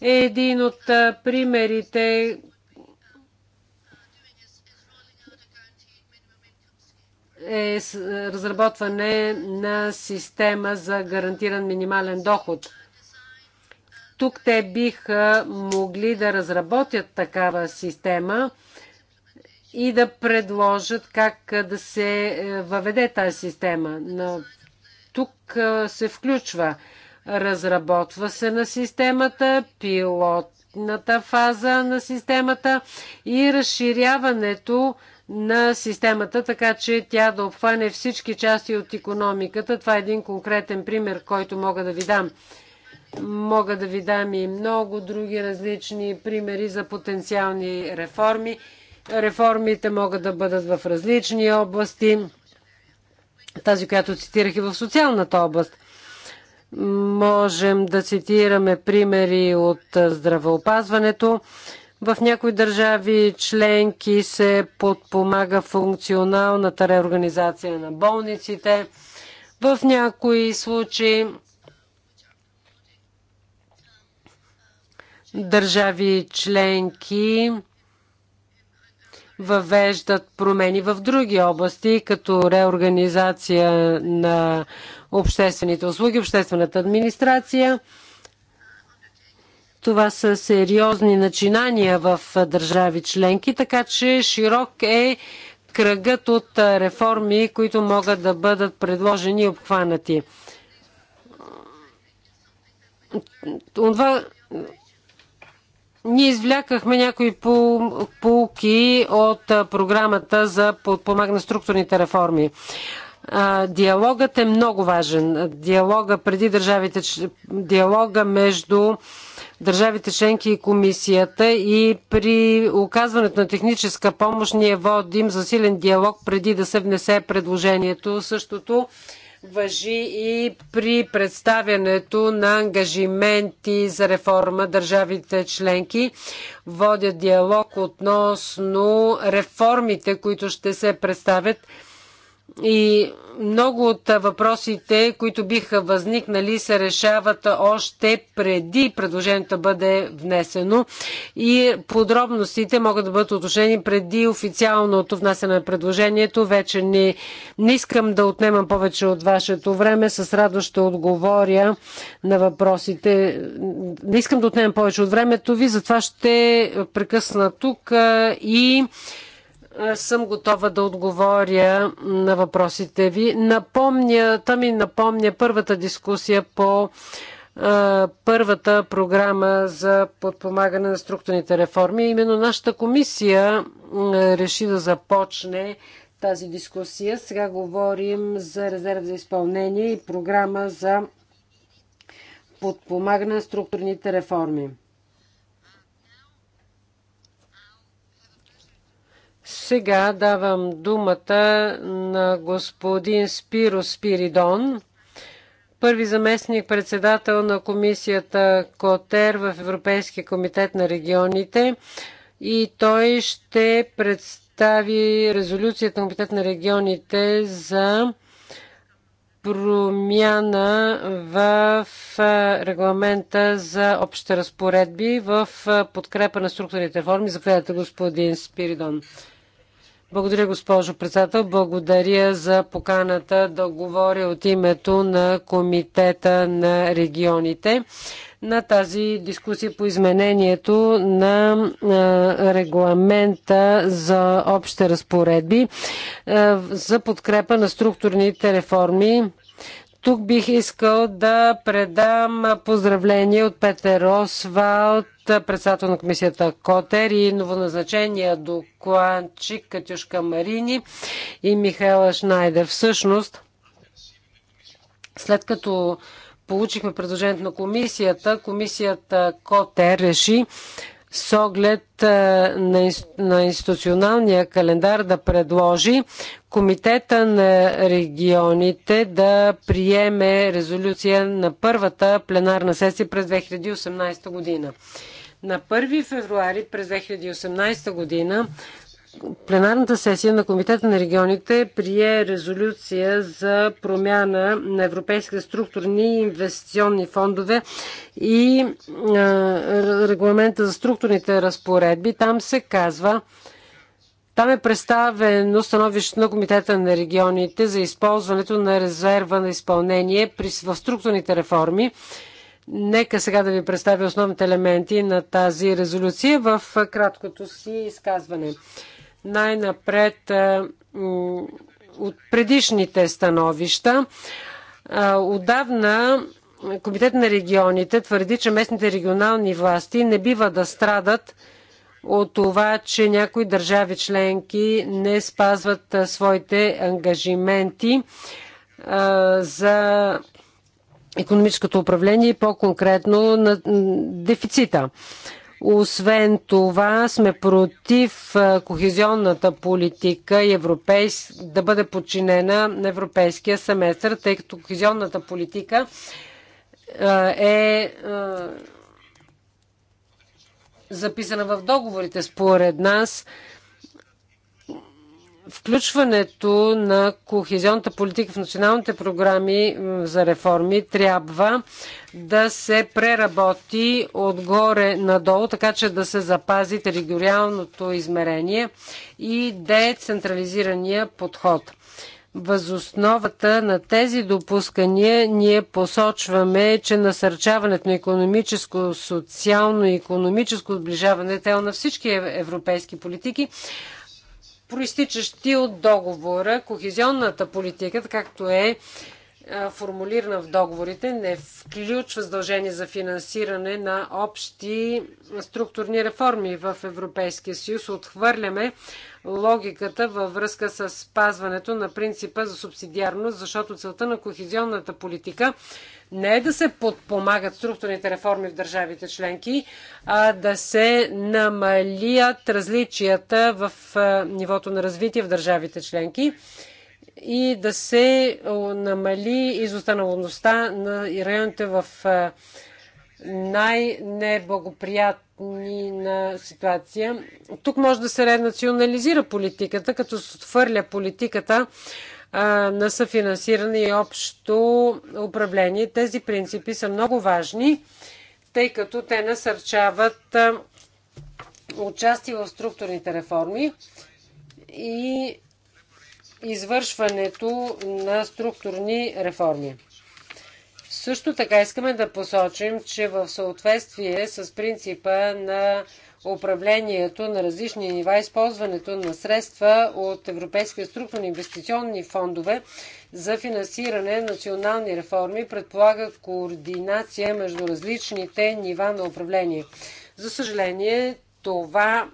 Един от примерите, е разработване на система за гарантиран минимален доход. Тук те биха могли да разработят такава система и да предложат как да се е, въведе тази система. Но тук е, се включва разработва се на системата, пилотната фаза на системата и разширяването на системата, така че тя да обхване всички части от економиката. Това е един конкретен пример, който мога да ви дам. Мога да ви дам и много други различни примери за потенциални реформи. Реформите могат да бъдат в различни области. Тази, която цитирах и в социалната област. Можем да цитираме примери от здравеопазването. В някои държави членки се подпомага функционалната реорганизация на болниците. В някои случаи държави членки въвеждат промени в други области, като реорганизация на обществените услуги, обществената администрация. Това са сериозни начинания в държави членки, така че широк е кръгът от реформи, които могат да бъдат предложени и обхванати. Това... Ние извлякахме някои полки от програмата за подпомагане на структурните реформи. Диалогът е много важен. Диалога преди държавите, диалога между държавите членки и комисията и при оказването на техническа помощ ние водим засилен диалог преди да се внесе предложението. Същото въжи и при представянето на ангажименти за реформа. Държавите членки водят диалог относно реформите, които ще се представят и много от въпросите, които биха възникнали, се решават още преди предложението да бъде внесено и подробностите могат да бъдат уточнени преди официалното внасяне на предложението. Вече не, не искам да отнемам повече от вашето време. С радост ще отговоря на въпросите. Не искам да отнемам повече от времето ви, затова ще прекъсна тук и е, съм готова да отговоря на въпросите ви. Напомня, та ми напомня първата дискусия по е, първата програма за подпомагане на структурните реформи. Именно нашата комисия е, реши да започне тази дискусия. Сега говорим за резерв за изпълнение и програма за подпомагане на структурните реформи. Сега давам думата на господин Спиро Спиридон, първи заместник председател на комисията КОТЕР в Европейския комитет на регионите и той ще представи резолюцията на комитет на регионите за промяна в регламента за общите разпоредби в подкрепа на структурните реформи, Заповядайте, господин Спиридон. Благодаря, госпожо председател. Благодаря за поканата да говоря от името на Комитета на регионите на тази дискусия по изменението на регламента за общите разпоредби за подкрепа на структурните реформи тук бих искал да предам поздравление от Петър Освалд, председател на комисията Котер и новоназначения докладчик Катюшка Марини и Михайла Шнайдер. Всъщност, след като получихме предложението на комисията, комисията Котер реши с оглед е, на институционалния календар да предложи Комитета на регионите да приеме резолюция на първата пленарна сесия през 2018 година. На 1 февруари през 2018 година пленарната сесия на Комитета на регионите прие резолюция за промяна на европейските структурни и инвестиционни фондове и регламента за структурните разпоредби. Там се казва, там е представено становище на Комитета на регионите за използването на резерва на изпълнение в структурните реформи. Нека сега да ви представя основните елементи на тази резолюция в краткото си изказване най-напред е, от предишните становища. Е, отдавна Комитет на регионите твърди, че местните регионални власти не бива да страдат от това, че някои държави членки не спазват е, своите ангажименти за економическото управление и по-конкретно на дефицита. Освен това сме против кохезионната политика и европейс... да бъде подчинена на европейския семестър, тъй като кохезионната политика е записана в договорите. Според нас включването на кохезионната политика в националните програми за реформи трябва да се преработи отгоре надолу, така че да се запази териториалното измерение и децентрализирания подход. Възосновата на тези допускания ние посочваме, че насърчаването на економическо, социално и економическо сближаване е на всички европейски политики, проистичащи от договора. Кохезионната политика, както е формулирана в договорите, не включва задължение за финансиране на общи структурни реформи в Европейския съюз. Отхвърляме логиката във връзка с спазването на принципа за субсидиарност, защото целта на кохезионната политика не е да се подпомагат структурните реформи в държавите членки, а да се намалият различията в нивото на развитие в държавите членки и да се намали изостаналността на районите в най-неблагоприятно ни на ситуация. Тук може да се ренационализира политиката, като се отвърля политиката на съфинансиране и общо управление. Тези принципи са много важни, тъй като те насърчават участие в структурните реформи и извършването на структурни реформи. Също така искаме да посочим, че в съответствие с принципа на управлението на различни нива, използването на средства от Европейския структурни инвестиционни фондове за финансиране на национални реформи предполага координация между различните нива на управление. За съжаление, това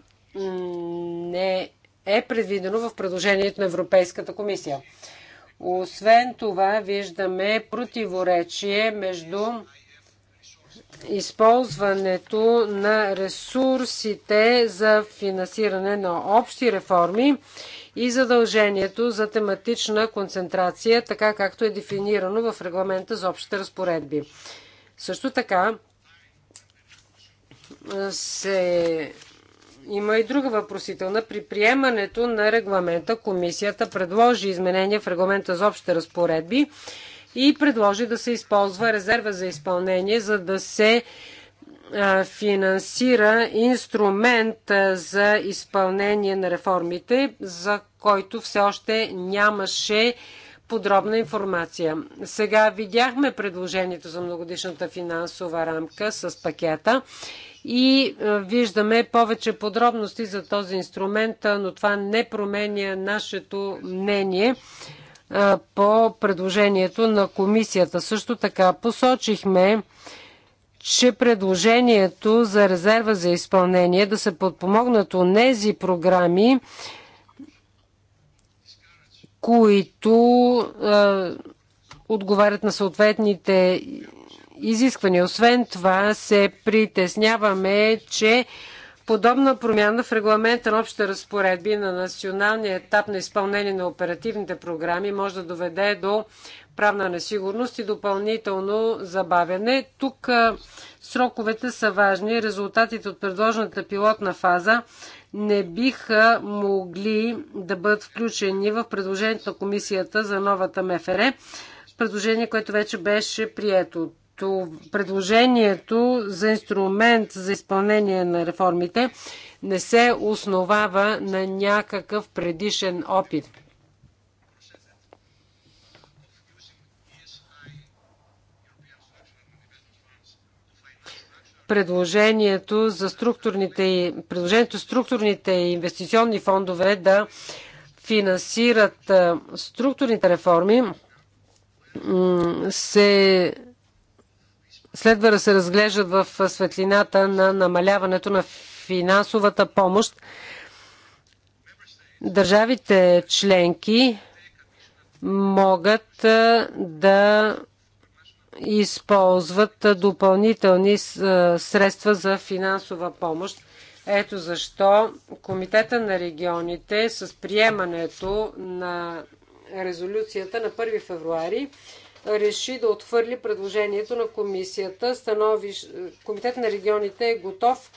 не е предвидено в предложението на Европейската комисия. Освен това, виждаме противоречие между използването на ресурсите за финансиране на общи реформи и задължението за тематична концентрация, така както е дефинирано в регламента за общите разпоредби. Също така се има и друга въпросителна. При приемането на регламента комисията предложи изменения в регламента за общите разпоредби и предложи да се използва резерва за изпълнение, за да се финансира инструмент за изпълнение на реформите, за който все още нямаше подробна информация. Сега видяхме предложението за многодишната финансова рамка с пакета и е, виждаме повече подробности за този инструмент, но това не променя нашето мнение е, по предложението на комисията. Също така посочихме, че предложението за резерва за изпълнение да се подпомогнат от тези програми, които е, отговарят на съответните изисквания. Освен това се притесняваме, че подобна промяна в регламента на общите разпоредби на националния етап на изпълнение на оперативните програми може да доведе до правна несигурност и допълнително забавяне. Тук сроковете са важни. Резултатите от предложената пилотна фаза не биха могли да бъдат включени в предложението на комисията за новата МФР, предложение, което вече беше прието предложението за инструмент за изпълнение на реформите не се основава на някакъв предишен опит. Предложението за структурните, предложението структурните инвестиционни фондове да финансират структурните реформи се следва да се разглеждат в светлината на намаляването на финансовата помощ. Държавите членки могат да използват допълнителни средства за финансова помощ. Ето защо Комитета на регионите с приемането на резолюцията на 1 февруари реши да отвърли предложението на комисията. Становиш... Комитет на регионите е готов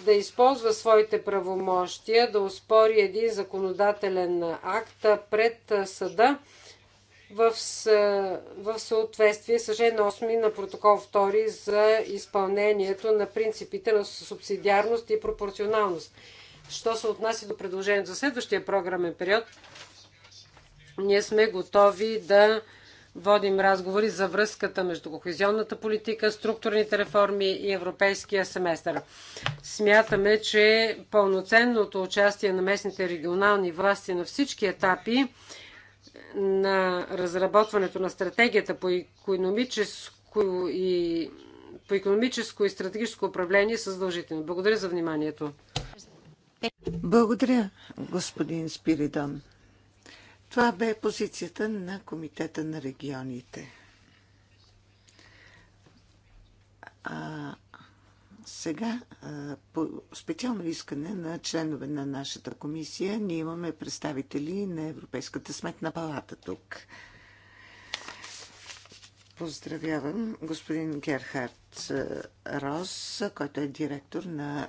да използва своите правомощия, да успори един законодателен акт пред съда в, в съответствие с жен 8 на протокол 2 за изпълнението на принципите на субсидиарност и пропорционалност. Що се отнася до предложението за следващия програмен период, ние сме готови да Водим разговори за връзката между кохезионната политика, структурните реформи и европейския семестър. Смятаме, че пълноценното участие на местните регионални власти на всички етапи на разработването на стратегията по економическо и по економическо и стратегическо управление са задължителни. Благодаря за вниманието. Благодаря, господин Спиридон. Това бе позицията на Комитета на регионите. А, сега, по специално искане на членове на нашата комисия, ние имаме представители на Европейската сметна палата тук. Поздравявам господин Герхард Рос, който е директор на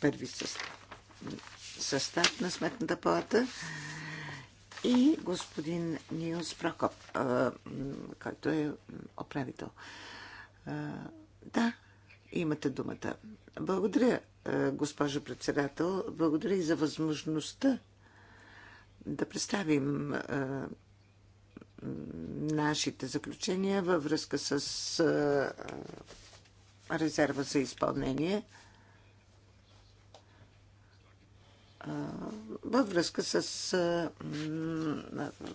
първи състав състав на Сметната палата и господин Нилс Прокоп, който е управител. Да, имате думата. Благодаря, госпожо председател. Благодаря и за възможността да представим нашите заключения във връзка с резерва за изпълнение – във връзка с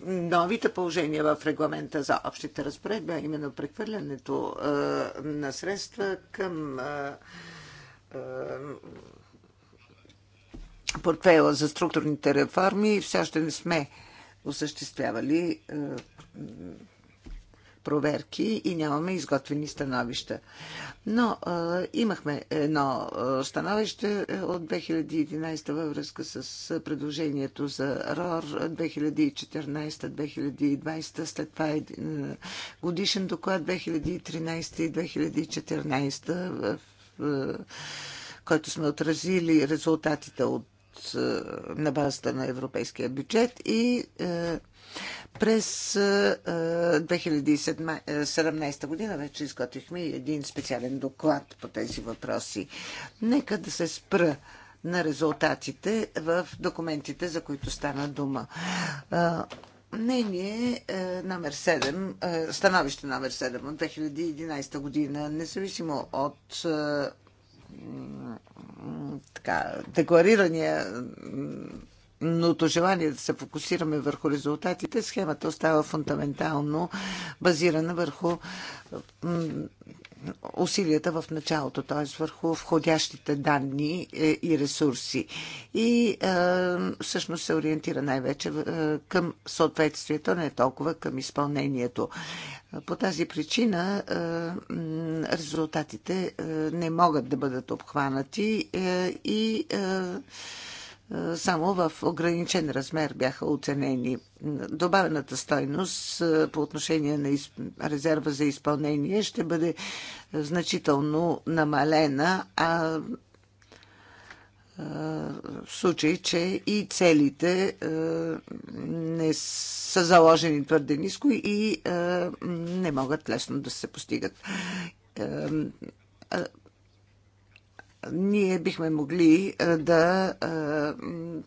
новите положения в регламента за общите разпоредби, а именно прехвърлянето на средства към портфела за структурните реформи все още не сме осъществявали проверки и нямаме изготвени становища. Но а, имахме едно становище е, от 2011 във връзка с предложението за РОР 2014-2020, след това е, е годишен доклад 2013 и 2014 в който сме отразили резултатите от е, на базата на европейския бюджет и е, през 2017 е, година вече изготвихме един специален доклад по тези въпроси. Нека да се спра на резултатите в документите, за които стана дума. Мнение номер 7, становище номер 7 от 2011 година, независимо от така, декларирания ното желание да се фокусираме върху резултатите, схемата остава фундаментално базирана върху усилията в началото, т.е. върху входящите данни е, и ресурси. И е, всъщност се ориентира най-вече е, към съответствието, не толкова към изпълнението. По тази причина резултатите не могат да бъдат обхванати и само в ограничен размер бяха оценени. Добавената стойност по отношение на резерва за изпълнение ще бъде значително намалена, а в случай, че и целите не са заложени твърде ниско и не могат лесно да се постигат ние бихме могли да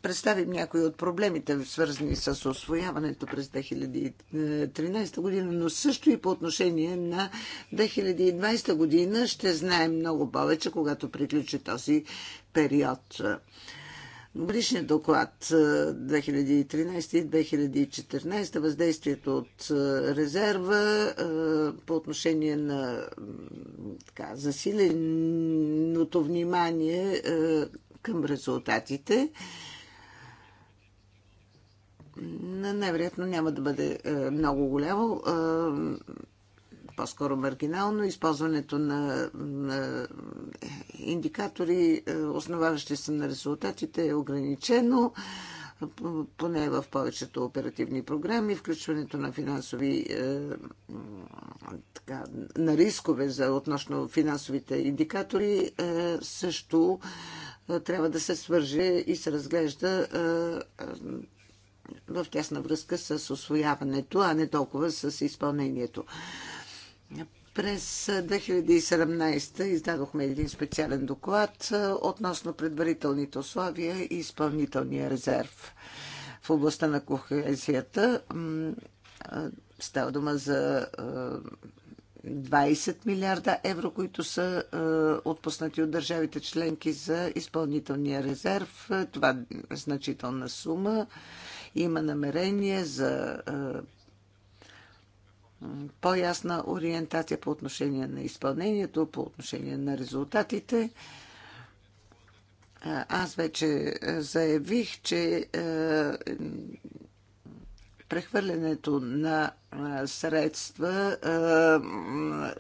представим някои от проблемите, свързани с освояването през 2013 година, но също и по отношение на 2020 година ще знаем много повече, когато приключи този период. Годишният доклад 2013 е, и 2014, въздействието от е, резерва е, по отношение на така, засиленото внимание към резултатите, най-вероятно няма да бъде много голямо по-скоро маргинално. Използването на, на индикатори, е, основаващи се на резултатите, е ограничено поне в повечето оперативни програми, включването на финансови е, така, на рискове за относно финансовите индикатори е, също е, трябва да се свърже и се разглежда е, е, в тясна връзка с освояването, а не толкова с изпълнението. През 2017 издадохме един специален доклад относно предварителните условия и изпълнителния резерв в областта на кохезията. Става дума за 20 милиарда евро, които са отпуснати от държавите членки за изпълнителния резерв. Това е значителна сума. Има намерение за по-ясна ориентация по отношение на изпълнението, по отношение на резултатите. Аз вече е, заявих, че е, прехвърлянето на средства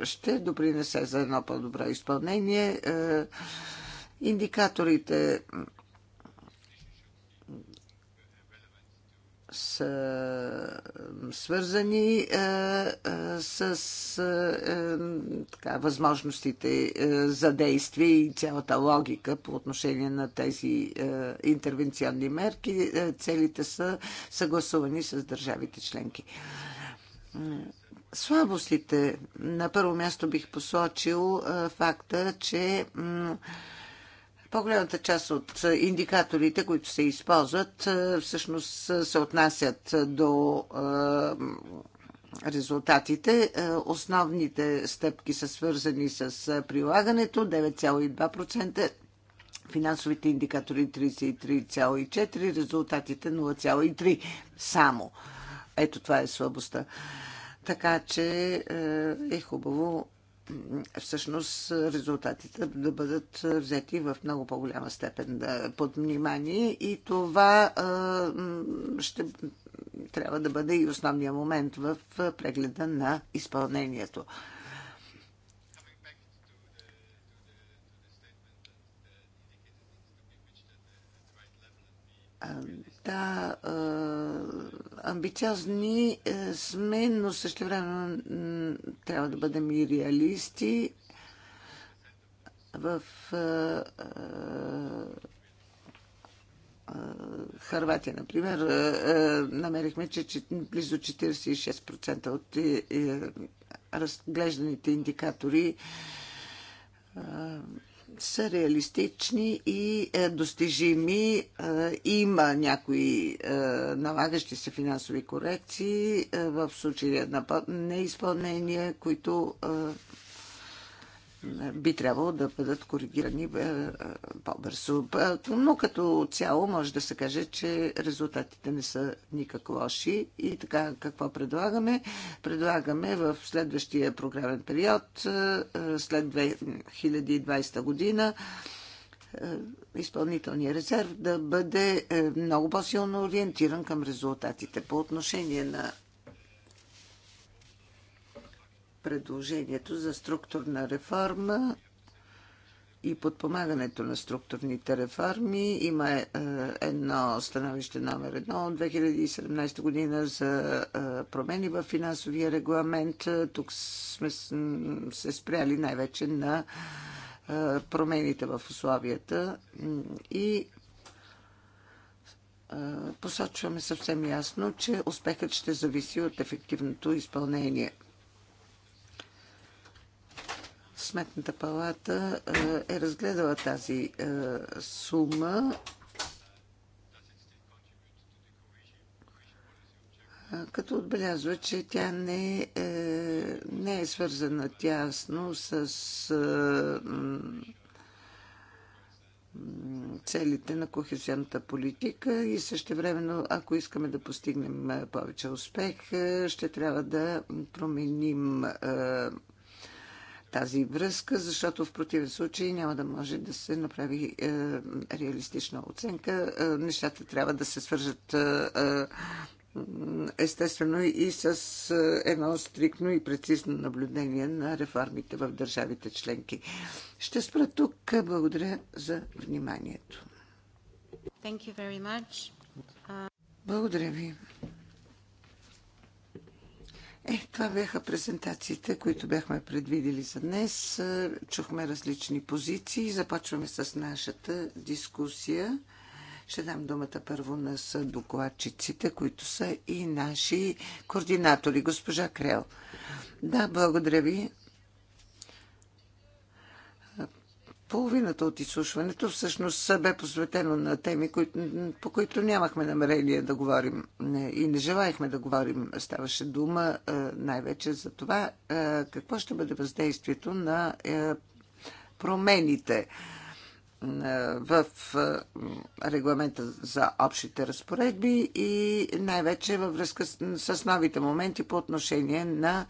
ще допринесе за едно по-добро изпълнение. Е, индикаторите са свързани е, е, с е, така, възможностите за действие и цялата логика по отношение на тези интервенционни мерки. Целите са съгласувани с държавите членки. Слабостите. На първо място бих посочил факта, че по-голямата част от индикаторите, които се използват, е, всъщност се отнасят до е, резултатите. Е, основните стъпки са свързани с прилагането 9,2%, финансовите индикатори 33,4%, резултатите 0,3% само. Ето това е слабостта. Така че е хубаво всъщност резултатите да бъдат взети в много по-голяма степен под внимание и това ще трябва да бъде и основния момент в прегледа на изпълнението. Да, амбициозни е, сме, но също време трябва да бъдем и реалисти в е, е, Харватия, например, намерихме, че близо 46% от разглежданите индикатори са реалистични и е, достижими. Е, има някои е, налагащи се финансови корекции в случая на неизпълнение, които би трябвало да бъдат коригирани е, по-бързо. Е, но като цяло може да се каже, че резултатите не са никак лоши. И така, какво предлагаме? Предлагаме в следващия програмен период, е, след 2020 година, изпълнителният резерв да бъде много по-силно ориентиран към резултатите. По отношение на предложението за структурна реформа и подпомагането на структурните реформи. Има е, едно становище номер едно от 2017 година за е, промени в финансовия регламент. Е, тук сме се спряли най-вече на е, промените в условията и е, посочваме съвсем ясно, че успехът ще зависи от ефективното изпълнение – Сметната палата е, е разгледала тази е, сума като отбелязва, че тя не е, не е свързана тясно с е, целите на кохезионната политика и също времено, ако искаме да постигнем е, повече успех, ще трябва да променим е, тази връзка, защото в противен случай няма да може да се направи е, реалистична оценка. Е, нещата трябва да се свържат е, е естествено и с е, едно стрикно и прецизно наблюдение на реформите в държавите членки. Ще спра тук. Благодаря за вниманието. Thank you very much. Благодаря ви. Е, това бяха презентациите, които бяхме предвидели за днес. Чухме различни позиции. Започваме с нашата дискусия. Ще дам думата първо на докладчиците, които са и наши координатори. Госпожа Крел. Да, благодаря ви. половината от изслушването всъщност бе посветено на теми, по които нямахме намерение да говорим и не желаехме да говорим. Ставаше дума е, най-вече за това е, какво ще бъде въздействието на е, промените в регламента за общите разпоредби и най-вече във връзка с новите моменти по отношение на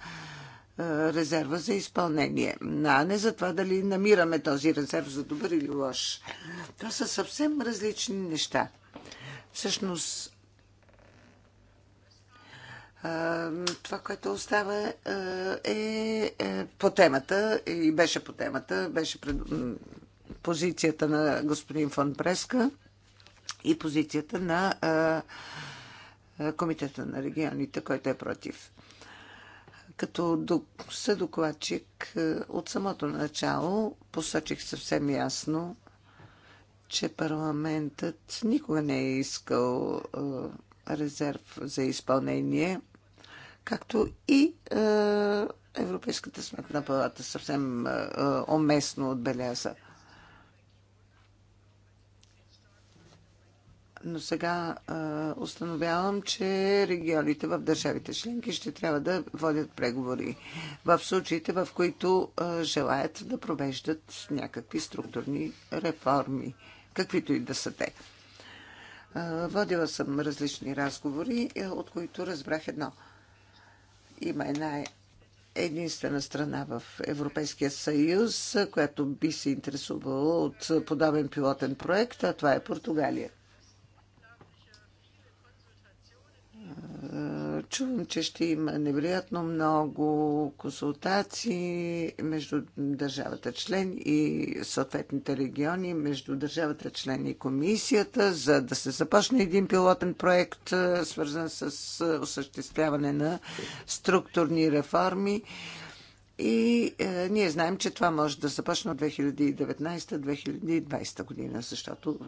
резерва за изпълнение, а не за това дали намираме този резерв за добър или лош. Това са съвсем различни неща. Всъщност, това, което остава е, е по темата и беше по темата, беше пред, позицията на господин фон Преска и позицията на Комитета на регионите, който е против. Като съдокладчик е, от самото начало посочих съвсем ясно, че парламентът никога не е искал е, резерв за изпълнение, както и е, Европейската сметна палата съвсем уместно отбеляза – но сега а, установявам, че регионите в държавите членки ще трябва да водят преговори в случаите, в които а, желаят да провеждат някакви структурни реформи, каквито и да са те. А, водила съм различни разговори, е, от които разбрах едно. Има една единствена страна в Европейския съюз, която би се интересувала от подобен пилотен проект, а това е Португалия. Чувам, че ще има невероятно много консултации между държавата член и съответните региони, между държавата член и комисията, за да се започне един пилотен проект, свързан с осъществяване на структурни реформи. И е, ние знаем, че това може да започне от 2019-2020 година, защото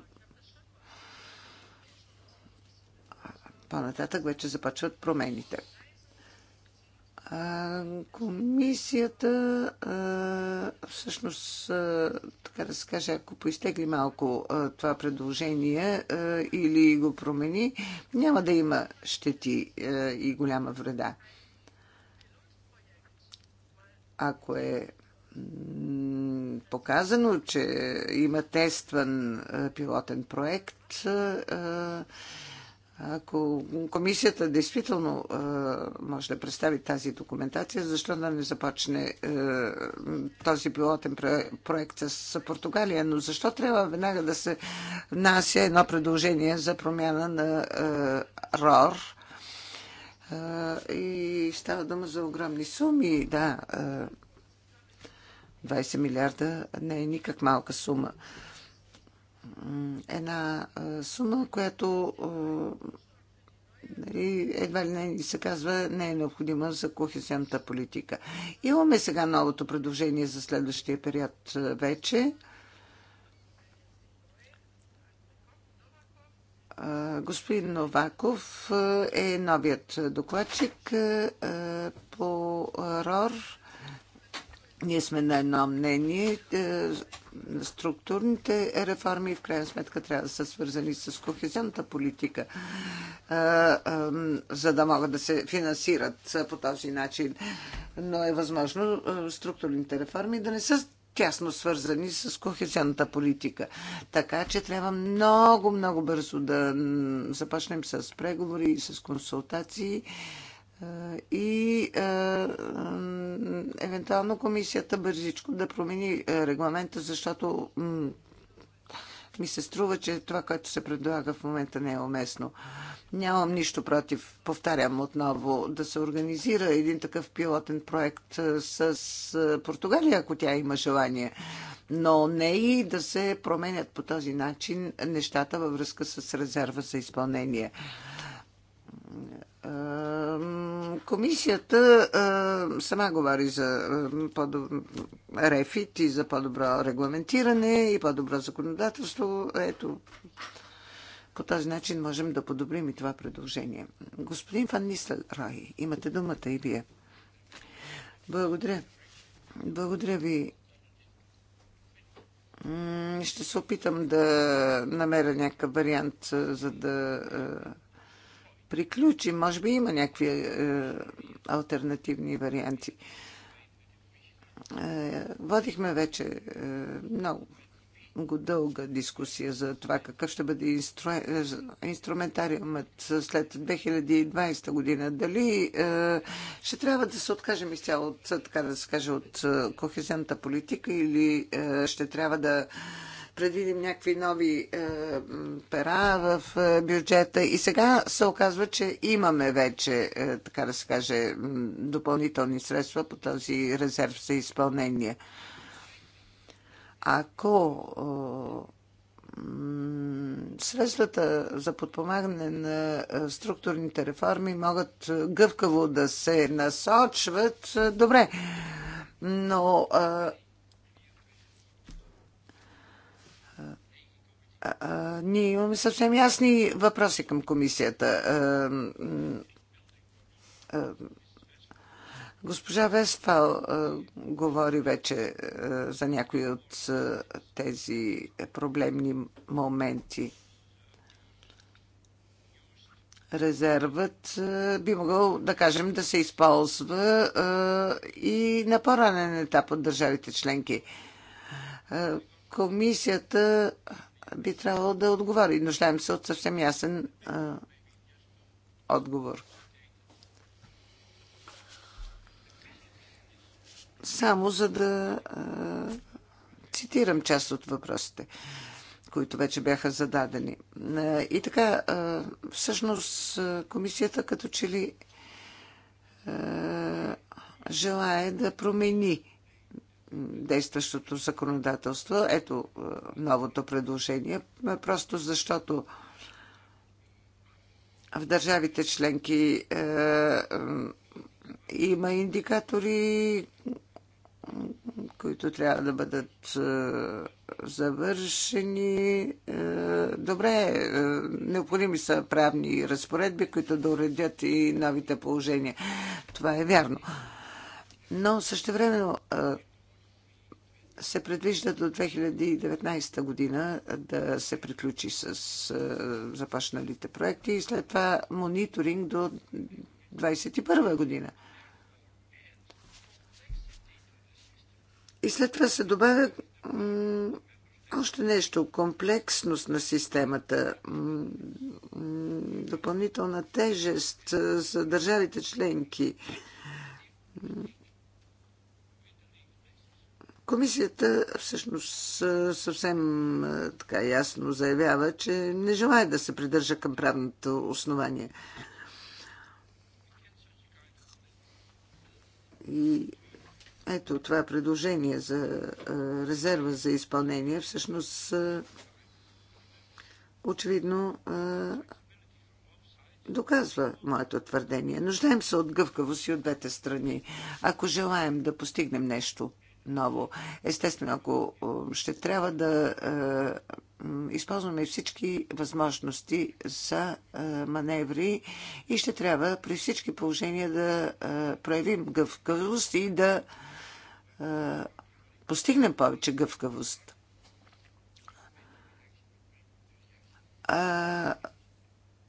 по-нататък вече започват промените. Комисията, всъщност, така да се каже, ако поизтегли малко това предложение или го промени, няма да има щети и голяма вреда. Ако е показано, че има тестван пилотен проект, ако комисията действително може да представи тази документация, защо да не започне този пилотен проект с Португалия? Но защо трябва веднага да се внася едно предложение за промяна на РОР? И става дума за огромни суми, да. 20 милиарда не е никак малка сума една сума, която нали, едва ли не се казва, не е необходима за кохезионната политика. Имаме сега новото предложение за следващия период вече. Господин Новаков е новият докладчик по РОР. Ние сме на едно мнение структурните реформи в крайна сметка трябва да са свързани с кохезионната политика, за да могат да се финансират по този начин. Но е възможно структурните реформи да не са тясно свързани с кохезионната политика. Така че трябва много, много бързо да започнем с преговори и с консултации е, и е, евентуално комисията бързичко да промени е, регламента, защото ми се струва, че това, което се предлага в момента не е уместно. Нямам нищо против, повтарям отново, да се организира един такъв пилотен проект с Португалия, ако тя има желание. Но не и да се променят по този начин нещата във връзка с резерва за изпълнение. Комисията сама говори за рефит и за по-добро регламентиране и по-добро законодателство. Ето, по този начин можем да подобрим и това предложение. Господин Фан Рай, имате думата и вие. Благодаря. Благодаря ви. Ще се опитам да намеря някакъв вариант, за да приключи. Може би има някакви е, альтернативни варианти. Е, водихме вече е, много дълга дискусия за това какъв ще бъде инстру... Е, инструментариумът след 2020 година. Дали е, ще трябва да се откажем изцяло от, така да се каже, от е, кохезионната политика или е, ще трябва да предвидим някакви нови е, пера в е, бюджета. И сега се оказва, че имаме вече, е, така да се каже, допълнителни средства по този резерв за изпълнение. Ако е, средствата за подпомагане на е, структурните реформи могат гъвкаво да се насочват, добре. Но ние имаме съвсем ясни въпроси към комисията. Госпожа Вестфал говори вече за някои от тези проблемни моменти. Резервът би могъл, да кажем, да се използва и на по-ранен етап от държавите членки. Комисията би трябвало да отговори. Нуждаем се от съвсем ясен а, отговор. Само за да а, цитирам част от въпросите, които вече бяха зададени. А, и така, а, всъщност, комисията като че ли а, желая да промени действащото законодателство. Ето е, новото предложение, е, просто защото в държавите членки е, е, има индикатори, които трябва да бъдат е, завършени. Е, добре, е, необходими са правни разпоредби, които да уредят и новите положения. Това е вярно. Но същевременно е, се предвижда до 2019 година да се приключи с започналите проекти и след това мониторинг до 2021 година. И след това се добавя още нещо. Комплексност на системата. допълнителна тежест за държавите членки. Комисията всъщност съвсем така ясно заявява, че не желая да се придържа към правното основание. И ето това предложение за резерва за изпълнение всъщност очевидно доказва моето твърдение. Нуждаем се от гъвкавост и от двете страни, ако желаем да постигнем нещо – ново. Естествено, ако е, ще трябва да е, използваме всички възможности за е, маневри и ще трябва при всички положения да проявим гъвкавост и да постигнем повече гъвкавост.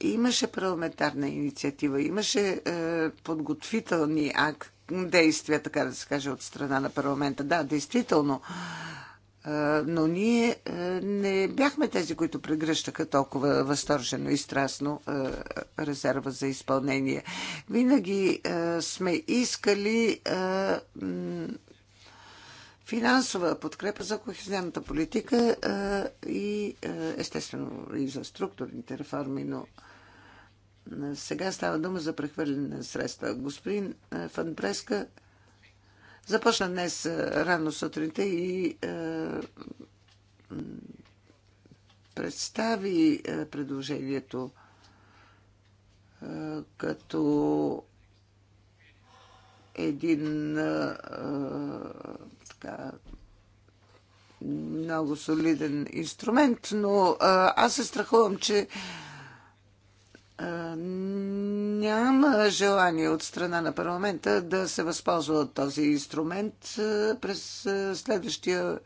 Имаше парламентарна инициатива, имаше е, подготвителни акт, действия, така да се каже, от страна на парламента. Да, действително. Е, но ние е, не бяхме тези, които прегръщаха толкова възторжено и страстно е, резерва за изпълнение. Винаги е, сме искали е, финансова подкрепа за кохезионната политика а, е, и а, е, естествено и за структурните реформи, но а, сега става дума за прехвърляне на средства. Господин Фанбреска започна днес рано сутринта и е, представи предложението е, като един е, така, много солиден инструмент, но аз се страхувам, че няма желание от страна на парламента да се възползва от този инструмент през следващия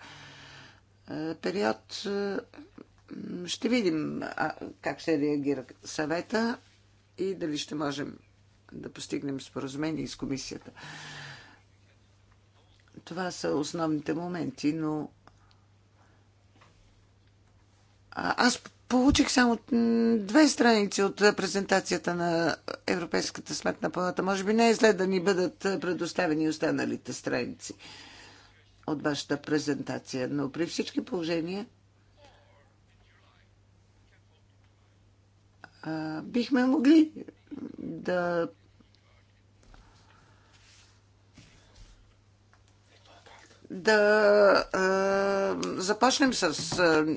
период. Ще видим как ще реагира съвета и дали ще можем да постигнем споразумение с комисията. Това са основните моменти, но аз Получих само две страници от е, презентацията на Европейската сметна палата. Може би не е след да ни бъдат е, предоставени останалите страници от вашата презентация, но при всички положения бихме могли да да а, започнем с, а,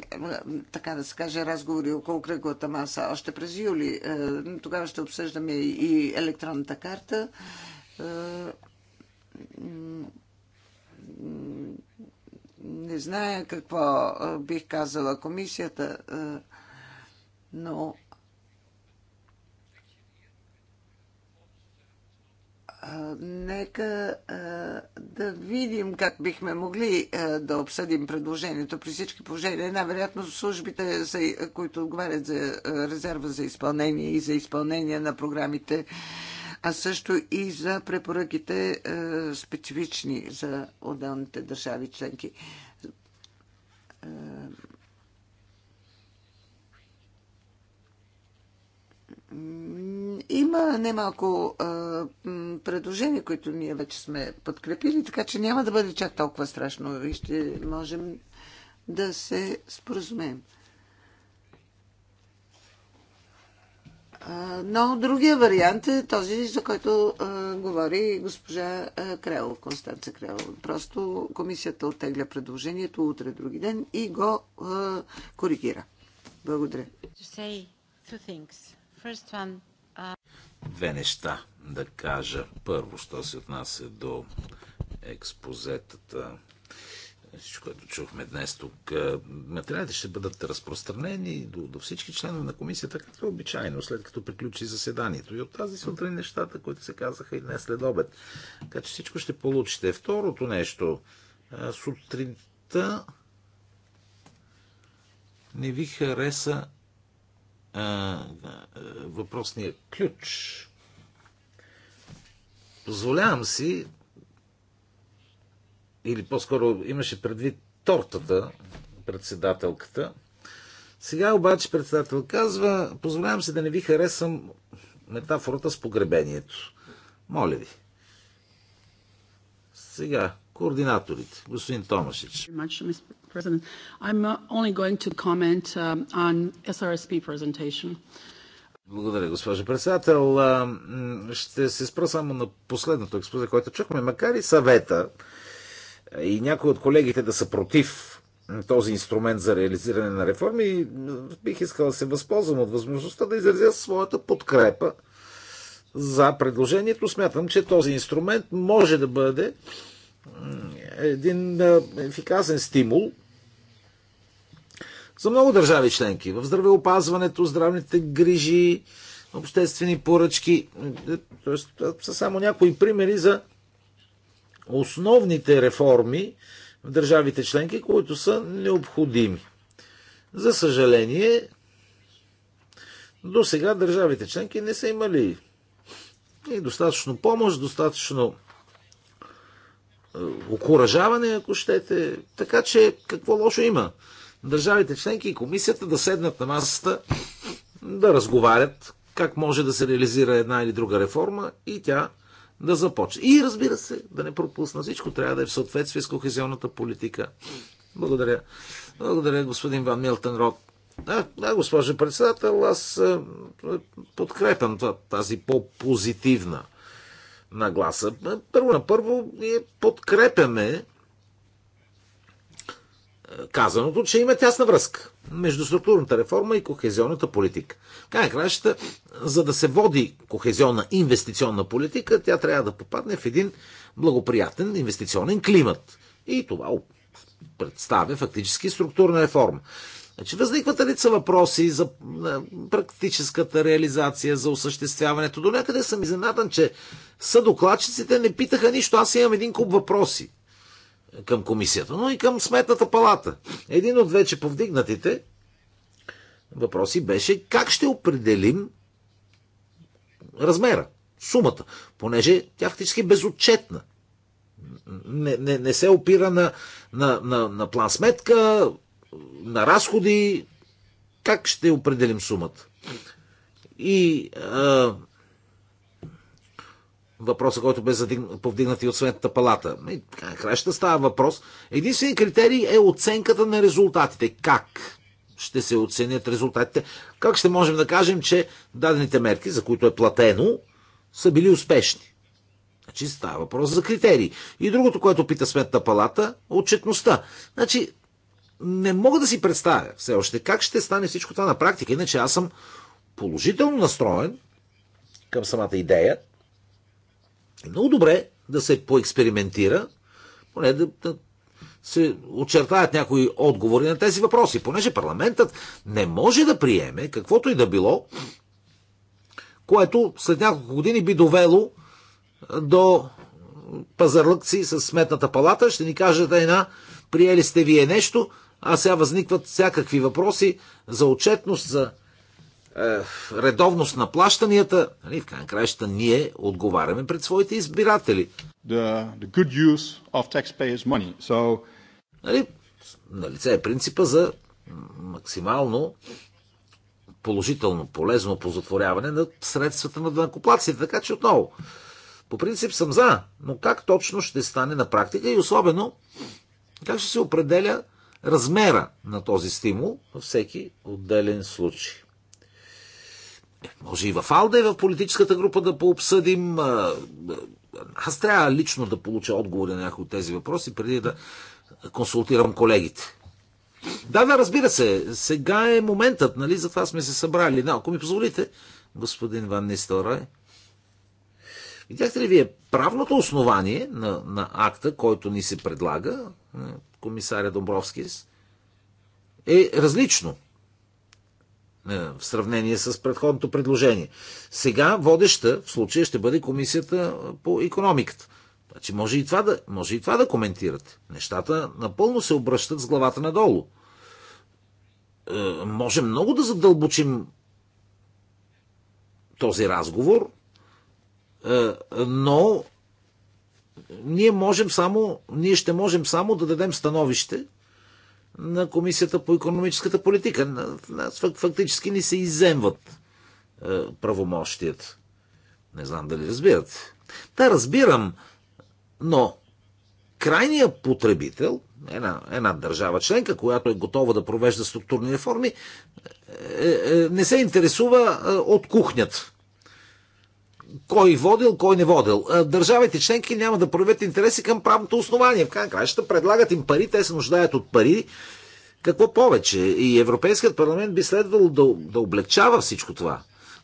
така да се каже, разговори около кръглата маса още през юли. А, тогава ще обсъждаме и електронната карта. А, не зная какво бих казала комисията, но Нека да видим как бихме могли да обсъдим предложението при всички положения. Най-вероятно службите, които отговарят за резерва за изпълнение и за изпълнение на програмите, а също и за препоръките специфични за отделните държави членки. Има немалко а, предложения, които ние вече сме подкрепили, така че няма да бъде чак толкова страшно и ще можем да се споразумеем. Но другия вариант е този, за който а, говори госпожа а, Крел, Констанция Крел. Просто комисията оттегля предложението утре други ден и го а, коригира. Благодаря. To say two things. Uh, Две неща да кажа. Първо, що се отнася до експозетата, всичко, което чухме днес тук. Е, материалите ще бъдат разпространени до, до всички членове на комисията, както е обичайно, след като приключи заседанието. И от тази сутрин нещата, които се казаха и днес след обед. Така че всичко ще получите. Второто нещо, е, сутринта не ви хареса въпросния ключ. Позволявам си, или по-скоро имаше предвид тортата, председателката. Сега обаче председател казва, позволявам си да не ви харесам метафората с погребението. Моля ви. Сега, координаторите. Господин Томашич. Uh, uh, Благодаря, госпожо председател. Ще се спра само на последното експозе, което чухме. Макар и съвета и някои от колегите да са против този инструмент за реализиране на реформи, бих искал да се възползвам от възможността да изразя своята подкрепа за предложението. Смятам, че този инструмент може да бъде един ефикасен стимул за много държави членки. В здравеопазването, здравните грижи, обществени поръчки. Тоест, са само някои примери за основните реформи в държавите членки, които са необходими. За съжаление, до сега държавите членки не са имали и достатъчно помощ, достатъчно е, окоръжаване, ако щете. Така че какво лошо има? Държавите членки и комисията да седнат на масата, да разговарят как може да се реализира една или друга реформа и тя да започне. И разбира се, да не пропусна всичко, трябва да е в съответствие с кохезионната политика. Благодаря. Благодаря, господин Ван Милтен Рот. Да, да, госпожа председател, аз е, е, подкрепям тази по-позитивна нагласа. Първо на първо ние подкрепяме е, казаното, че има тясна връзка между структурната реформа и кохезионната политика. Край краща, за да се води кохезионна инвестиционна политика, тя трябва да попадне в един благоприятен инвестиционен климат. И това представя фактически структурна реформа. Значи възникват са въпроси за е, практическата реализация, за осъществяването. До някъде съм изненадан, че съдокладчиците не питаха нищо. Аз имам един куп въпроси към комисията, но и към сметната палата. Един от вече повдигнатите въпроси беше как ще определим размера, сумата, понеже тя фактически е безотчетна. Не, не, не се опира на, на, на, на план сметка, на разходи, как ще определим сумата? И а, въпроса, който бе повдигнат и от Светната палата. ще става въпрос. Единственият критерий е оценката на резултатите. Как ще се оценят резултатите? Как ще можем да кажем, че дадените мерки, за които е платено, са били успешни? Значи става въпрос за критерии. И другото, което пита Светната палата, е отчетността. Значи, не мога да си представя все още как ще стане всичко това на практика. Иначе аз съм положително настроен към самата идея. Много добре да се поекспериментира, поне да, да се очертаят някои отговори на тези въпроси, понеже парламентът не може да приеме каквото и да било, което след няколко години би довело до пазарлъкци с сметната палата. Ще ни кажат една, приели сте вие нещо, а сега възникват всякакви въпроси за отчетност, за е, редовност на плащанията. Нали, в крайна краища ние отговаряме пред своите избиратели. The, the good use of taxpayers money. So... Нали, лице е принципа за максимално положително, полезно позатворяване на средствата на данкоплаците. Така че отново, по принцип съм за, но как точно ще стане на практика и особено как ще се определя размера на този стимул във всеки отделен случай. Може и в Алда, и в политическата група да пообсъдим. Аз трябва лично да получа отговори на някои от тези въпроси, преди да консултирам колегите. Да, да, разбира се. Сега е моментът, нали? Затова сме се събрали. Но, ако ми позволите, господин Ван Нистелрой. Видяхте ли вие правното основание на, на акта, който ни се предлага, комисаря Домбровскис, е различно е, в сравнение с предходното предложение. Сега водеща в случая ще бъде комисията е, по економиката. Значи може и това да, може и това да коментирате. Нещата напълно се обръщат с главата надолу. Е, може много да задълбочим този разговор, е, но ние, можем само, ние ще можем само да дадем становище на Комисията по економическата политика. Фактически ни се иземват е, правомощият. Не знам дали разбират. Да, разбирам, но крайният потребител, една, една държава членка, която е готова да провежда структурни реформи, е, не се интересува от кухнята кой водил, кой не водил. Е, държавите членки няма да проявят интереси към правното основание. В крайна краща предлагат им пари, те се нуждаят от пари. Какво повече? И Европейският парламент би следвало да, да облегчава всичко това.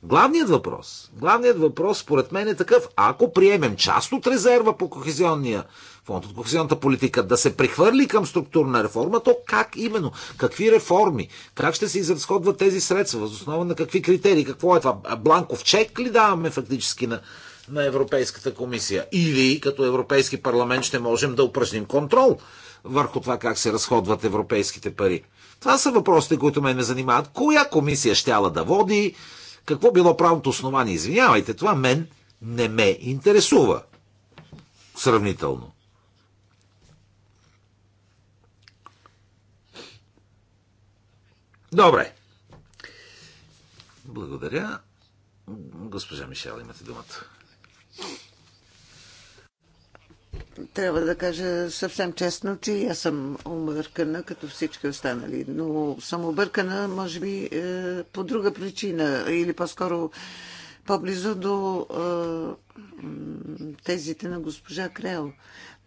Главният въпрос, главният въпрос според мен е такъв, ако приемем част от резерва по кохезионния фонд, от кохезионната политика, да се прехвърли към структурна реформа, то как именно? Какви реформи? Как ще се изразходват тези средства? Възоснова на какви критерии? Какво е това? Бланков чек ли даваме фактически на, на Европейската комисия? Или като Европейски парламент ще можем да упражним контрол върху това как се разходват европейските пари? Това са въпросите, които мен ме занимават. Коя комисия щяла да води? Какво било правото основание? Извинявайте, това мен не ме интересува. Сравнително. Добре. Благодаря. Госпожа Мишел, имате думата. Трябва да кажа съвсем честно, че аз съм объркана, като всички останали. Но съм объркана, може би, е, по друга причина или по-скоро по-близо до е, тезите на госпожа Крел.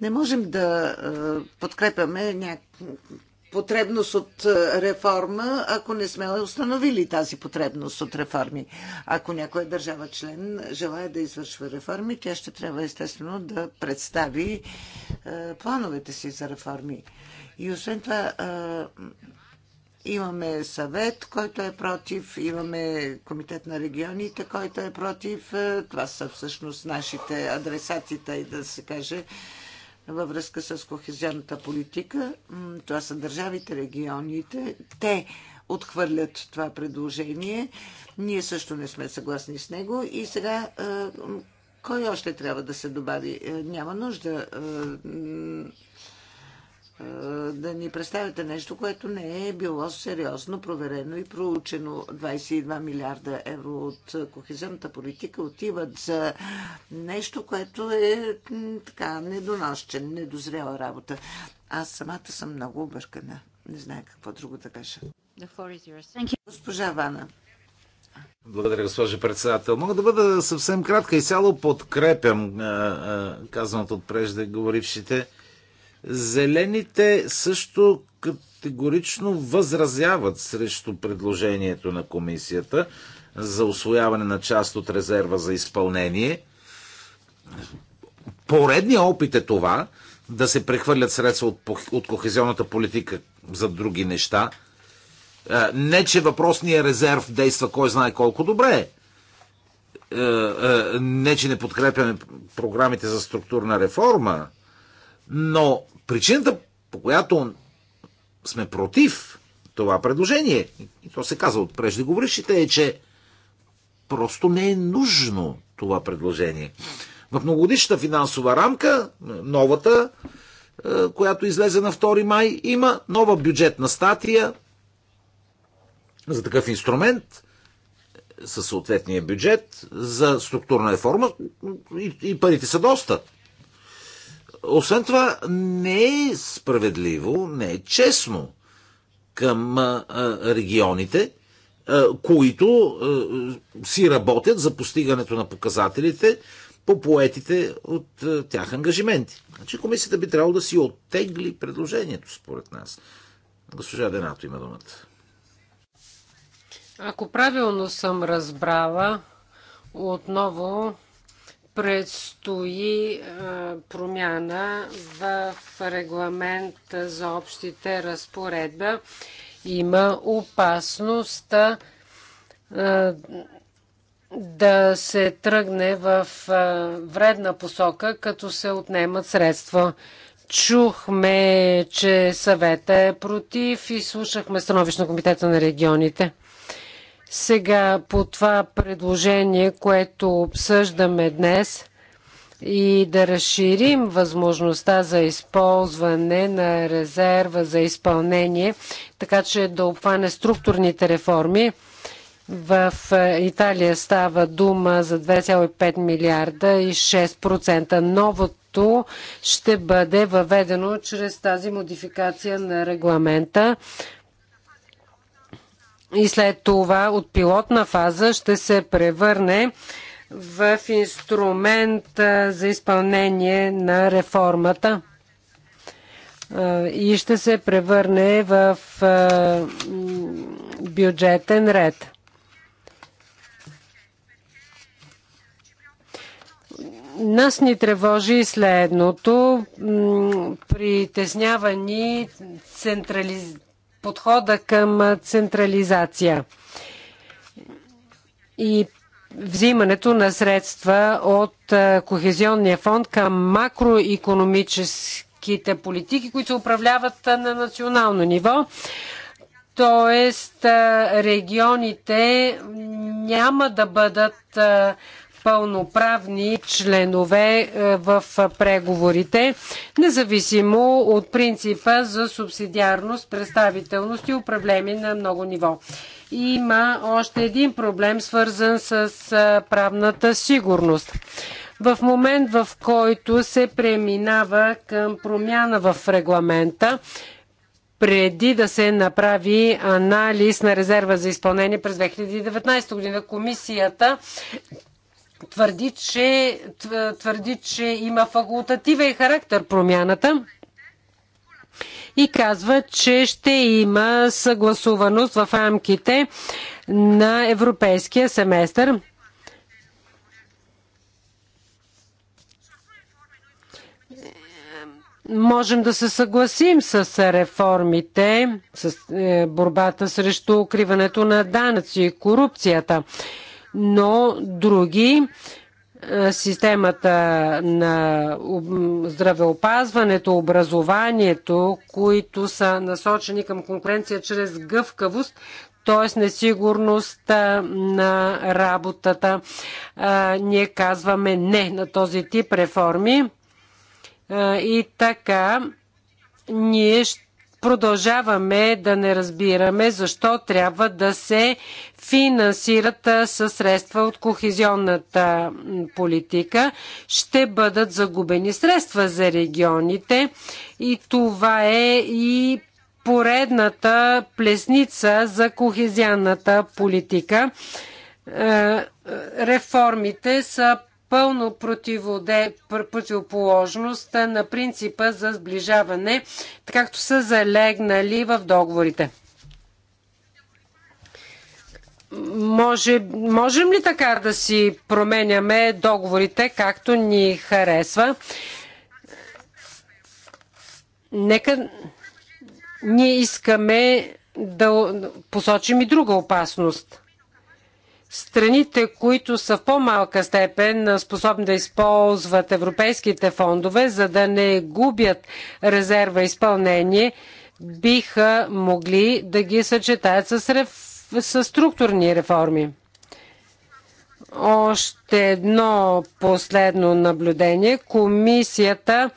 Не можем да е, подкрепяме ня потребност от е, реформа, ако не сме установили тази потребност от реформи. Ако някоя държава член желая да извършва реформи, тя ще трябва естествено да представи е, плановете си за реформи. И освен това, е, имаме съвет, който е против, имаме комитет на регионите, който е против. Е, това са всъщност нашите адресатите и да се каже във връзка с кохезионната политика. Това са държавите, регионите. Те отхвърлят това предложение. Ние също не сме съгласни с него. И сега, кой още трябва да се добави? Е, няма нужда е, е, да ни представите нещо, което не е било сериозно проверено и проучено. 22 милиарда евро от кохезионната политика отиват за нещо, което е така недоносчен, недозряла работа. Аз самата съм много объркана. Не знае какво друго да кажа. Госпожа Вана. Благодаря, госпожа председател. Мога да бъда съвсем кратка и цяло подкрепям е, е, казаното от преждеговорившите. говорившите Зелените също категорично възразяват срещу предложението на комисията за освояване на част от резерва за изпълнение. Поредният опит е това да се прехвърлят средства от, от кохезионната политика за други неща. Е, не, че въпросният резерв действа кой знае колко добре. Е, е, не, че не подкрепяме програмите за структурна реформа но причината, по която сме против това предложение, и то се казва от преждеговорившите, е, че просто не е нужно това предложение. В многогодишната финансова рамка, е, новата, е, която излезе на 2 май, има нова бюджетна статия за такъв инструмент е, със съответния бюджет за структурна реформа и, и парите са доста. Освен това, не е справедливо, не е честно към регионите, които си работят за постигането на показателите по поетите от тях ангажименти. Значи комисията би трябвало да си оттегли предложението, според нас. Госпожа Денато има думата. Ако правилно съм разбрала, отново Предстои е, промяна в регламент за общите разпоредба. Има опасност е, да се тръгне в е, вредна посока, като се отнемат средства. Чухме, че съвета е против и слушахме становище на Комитета на регионите. Сега по това предложение, което обсъждаме днес и да разширим възможността за използване на резерва за изпълнение, така че да обхване структурните реформи. В е, Италия става дума за 2,5 милиарда и 6%. Новото ще бъде въведено чрез тази модификация на регламента и след това от пилотна фаза ще се превърне в инструмент за изпълнение на реформата и ще се превърне в бюджетен ред. Нас ни тревожи следното. Притеснява ни централизацията подхода към централизация и взимането на средства от Кохезионния фонд към макроекономическите политики, които се управляват на национално ниво. Тоест регионите няма да бъдат пълноправни членове е, в преговорите, независимо от принципа за субсидиарност, представителност и управление на много ниво. Има още един проблем, свързан с е, правната сигурност в момент в който се преминава към промяна в регламента, преди да се направи анализ на резерва за изпълнение през 2019 година. Комисията твърди, че, твърди, че има факултативен характер промяната и казва, че ще има съгласуваност в рамките на европейския семестър. можем да се съгласим с реформите, с е, борбата срещу укриването на данъци и корупцията но други е, системата на здравеопазването, образованието, които са насочени към конкуренция чрез гъвкавост, т.е. несигурност е, на работата. Е, ние казваме не на този тип реформи. И така, ние ще продължаваме да не разбираме защо трябва да се финансират със средства от кохезионната политика. Ще бъдат загубени средства за регионите и това е и поредната плесница за кохезионната политика. Е, е, реформите са пълно противоположност на принципа за сближаване, както са залегнали в договорите. Може, можем ли така да си променяме договорите, както ни харесва? Нека ние искаме да посочим и друга опасност – Страните, които са в по-малка степен способни да използват европейските фондове, за да не губят резерва изпълнение, биха могли да ги съчетаят с, реф... с структурни реформи. Още едно последно наблюдение. Комисията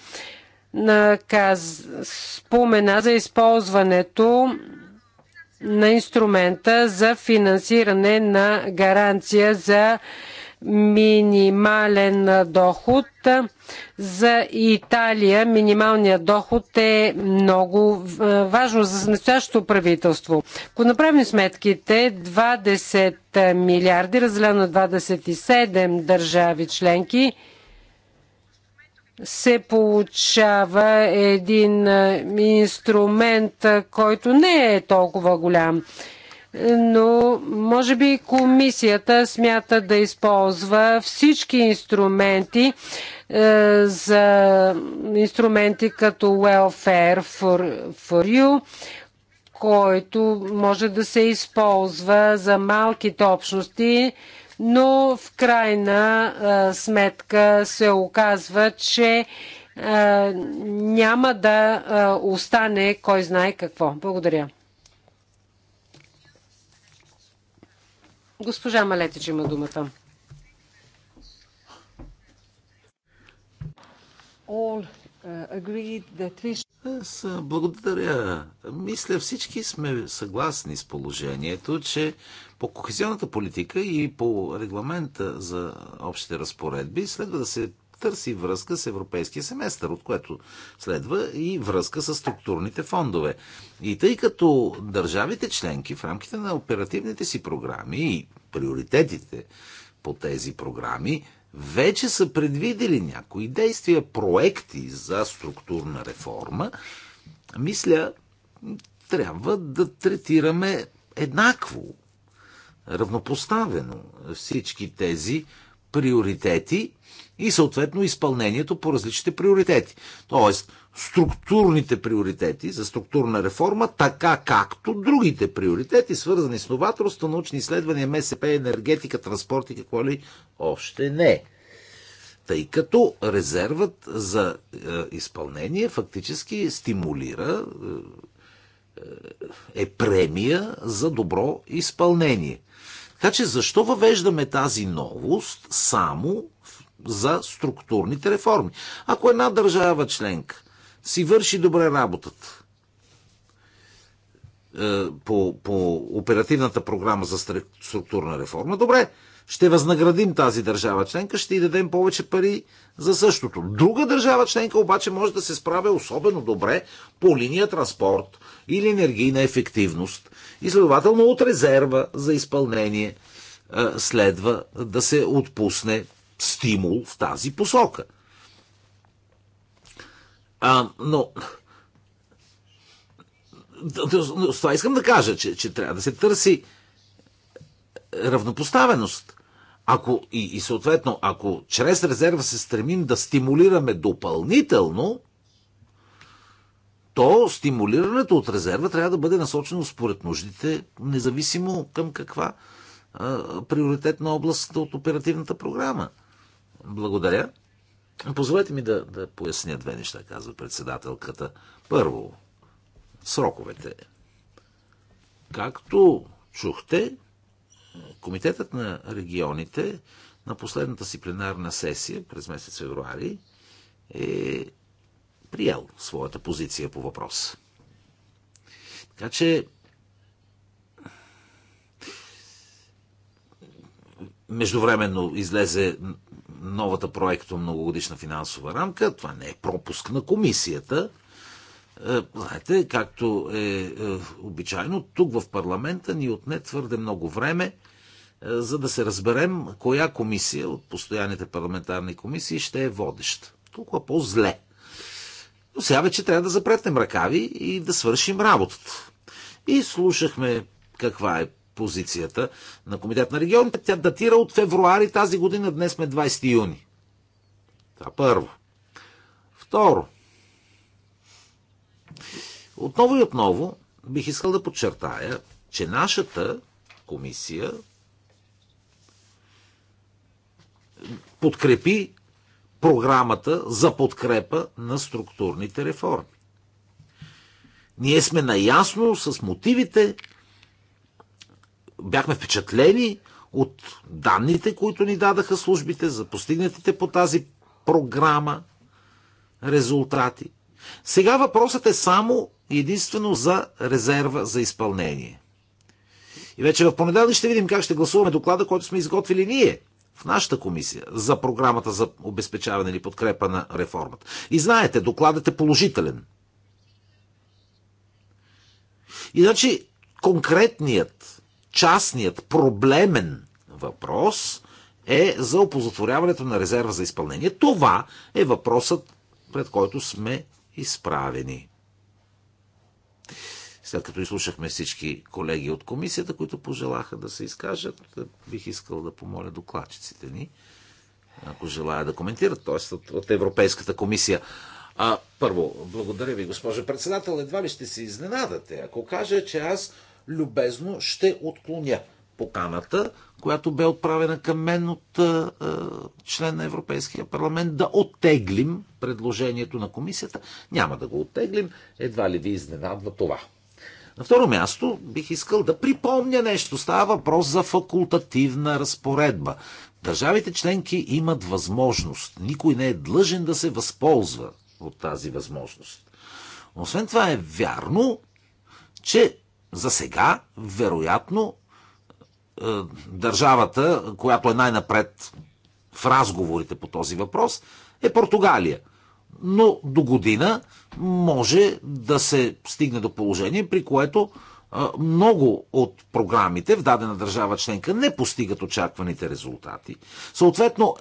каз... спомена за използването на инструмента за финансиране на гаранция за минимален доход. За Италия минималният доход е много е, важно за настоящото правителство. Ако направим сметките, 20 милиарди, разделено на 27 държави членки, се получава един е, инструмент, е, който не е толкова голям. Но може би комисията смята да използва всички инструменти е, за инструменти като Welfare for, for You, който може да се използва за малките общности, но в крайна а, сметка се оказва, че а, няма да а, остане кой знае какво. Благодаря. Госпожа Малетич има думата. Uh, аз благодаря. Мисля, всички сме съгласни с положението, че по кохезионната политика и по регламента за общите разпоредби следва да се търси връзка с европейския семестър, от което следва и връзка с структурните фондове. И тъй като държавите членки в рамките на оперативните си програми и приоритетите по тези програми вече са предвидели някои действия, проекти за структурна реформа, мисля, трябва да третираме еднакво равнопоставено всички тези приоритети и съответно изпълнението по различните приоритети. Тоест, структурните приоритети за структурна реформа, така както другите приоритети, свързани с новаторство, научни изследвания, МСП, енергетика, транспорт и какво ли още не. Тъй като резервът за е, изпълнение фактически стимулира, е, е, е премия за добро изпълнение – така че защо въвеждаме тази новост само за структурните реформи? Ако една държава членка си върши добре работата е, по, по оперативната програма за структурна реформа, добре, ще възнаградим тази държава членка, ще й дадем повече пари за същото. Друга държава членка обаче може да се справя особено добре по линия транспорт или енергийна ефективност. И следователно от резерва за изпълнение е, следва да се отпусне стимул в тази посока. А, но с това искам да кажа, че, че трябва да се търси равнопоставеност. Ако, и, и съответно, ако чрез резерва се стремим да стимулираме допълнително, то стимулирането от резерва трябва да бъде насочено според нуждите, независимо към каква а, приоритетна област от оперативната програма. Благодаря. Позволете ми да, да поясня две неща, казва председателката. Първо, сроковете. Както чухте, Комитетът на регионите на последната си пленарна сесия през месец февруари е приел своята позиция по въпроса. Така че Междувременно излезе новата проекто многогодишна финансова рамка. Това не е пропуск на комисията. Е, знаете, както е, е обичайно, тук в парламента ни отне твърде много време, е, за да се разберем коя комисия от постоянните парламентарни комисии ще е водеща. Толкова по-зле. Но сега вече трябва да запретнем ръкави и да свършим работата. И слушахме каква е позицията на Комитет на регионите. Тя датира от февруари тази година. Днес сме 20 юни. Това първо. Второ, отново и отново бих искал да подчертая, че нашата комисия подкрепи програмата за подкрепа на структурните реформи. Ние сме наясно с мотивите, бяхме впечатлени от данните, които ни дадаха службите за постигнатите по тази програма резултати – сега въпросът е само единствено за резерва за изпълнение. И вече в понеделник ще видим как ще гласуваме доклада, който сме изготвили ние в нашата комисия за програмата за обезпечаване или подкрепа на реформата. И знаете, докладът е положителен. Иначе конкретният, частният, проблемен въпрос е за опозотворяването на резерва за изпълнение. Това е въпросът, пред който сме изправени. След като изслушахме всички колеги от комисията, които пожелаха да се изкажат, бих искал да помоля докладчиците ни, ако желая да коментират, т.е. От, от Европейската комисия. А, първо, благодаря ви, госпожо председател. Едва ли ще се изненадате, ако кажа, че аз любезно ще отклоня поканата, която бе отправена към мен от а, член на Европейския парламент, да оттеглим предложението на комисията. Няма да го оттеглим, едва ли ви изненадва това. На второ място бих искал да припомня нещо. Става въпрос за факултативна разпоредба. Държавите членки имат възможност. Никой не е длъжен да се възползва от тази възможност. Освен това е вярно, че за сега, вероятно, е, държавата, която е най-напред в разговорите по този въпрос, е Португалия. Но до година може да се стигне до положение, при което е, много от програмите в дадена държава членка не постигат очакваните резултати. Съответно,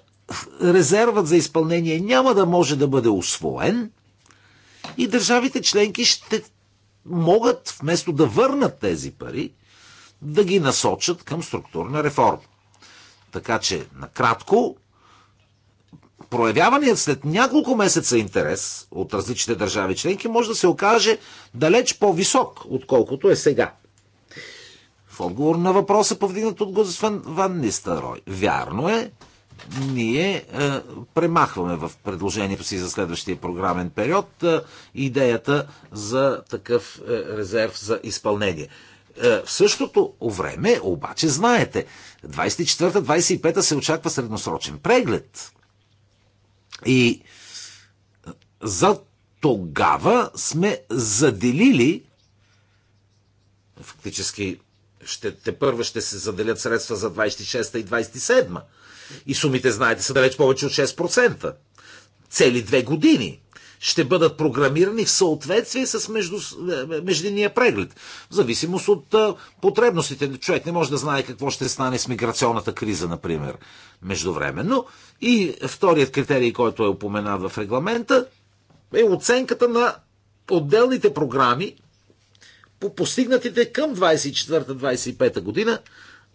резервът за изпълнение няма да може да бъде освоен и държавите членки ще могат, вместо да върнат тези пари, да ги насочат към структурна реформа. Така че, накратко, проявяваният след няколко месеца интерес от различните държави членки може да се окаже далеч по-висок, отколкото е сега. В отговор на въпроса, повдигнат от господин Ван Нистарой, вярно е, ние е, премахваме в предложението си за следващия програмен период е, идеята за такъв е, резерв за изпълнение. Е, в същото време, обаче, знаете, 24-25 се очаква средносрочен преглед. И е, за тогава сме заделили фактически ще, те първа ще се заделят средства за 26-та и 27-ма. И сумите, знаете, са далеч повече от 6%. Цели две години ще бъдат програмирани в съответствие с между, междинния преглед. В зависимост от потребностите. Човек не може да знае какво ще стане с миграционната криза, например, междувременно. И вторият критерий, който е упоменат в регламента, е оценката на отделните програми по постигнатите към 24-25 година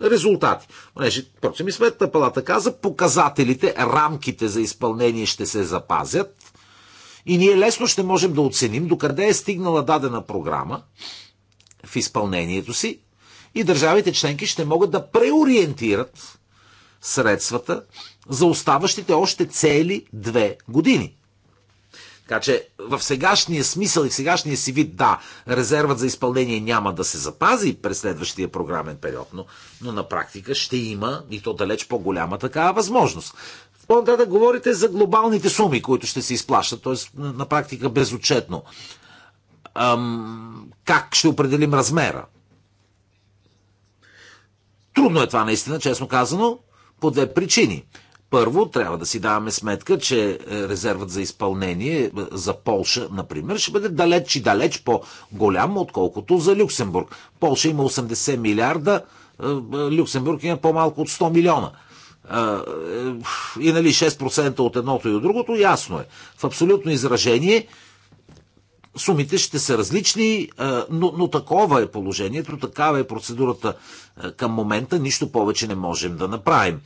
резултати. Понеже, впрочем, и сметната палата каза, показателите, рамките за изпълнение ще се запазят, и ние лесно ще можем да оценим докъде е стигнала дадена програма в изпълнението си и държавите членки ще могат да преориентират средствата за оставащите още цели две години. Така че в сегашния смисъл и в сегашния си вид, да, резервът за изпълнение няма да се запази през следващия програмен период, но, но на практика ще има и то далеч по-голяма такава възможност. По-нататък говорите за глобалните суми, които ще се изплащат, т.е. на практика безотчетно. Ам, как ще определим размера? Трудно е това наистина, честно казано, по две причини. Първо, трябва да си даваме сметка, че е, резервът за изпълнение е, за Полша, например, ще бъде далеч и далеч по-голям, отколкото за Люксембург. Полша има 80 милиарда, е, Люксембург има по-малко от 100 милиона. Е, и нали 6% от едното и от другото, ясно е. В абсолютно изражение сумите ще са различни, но, но такова е положението, такава е процедурата към момента, нищо повече не можем да направим.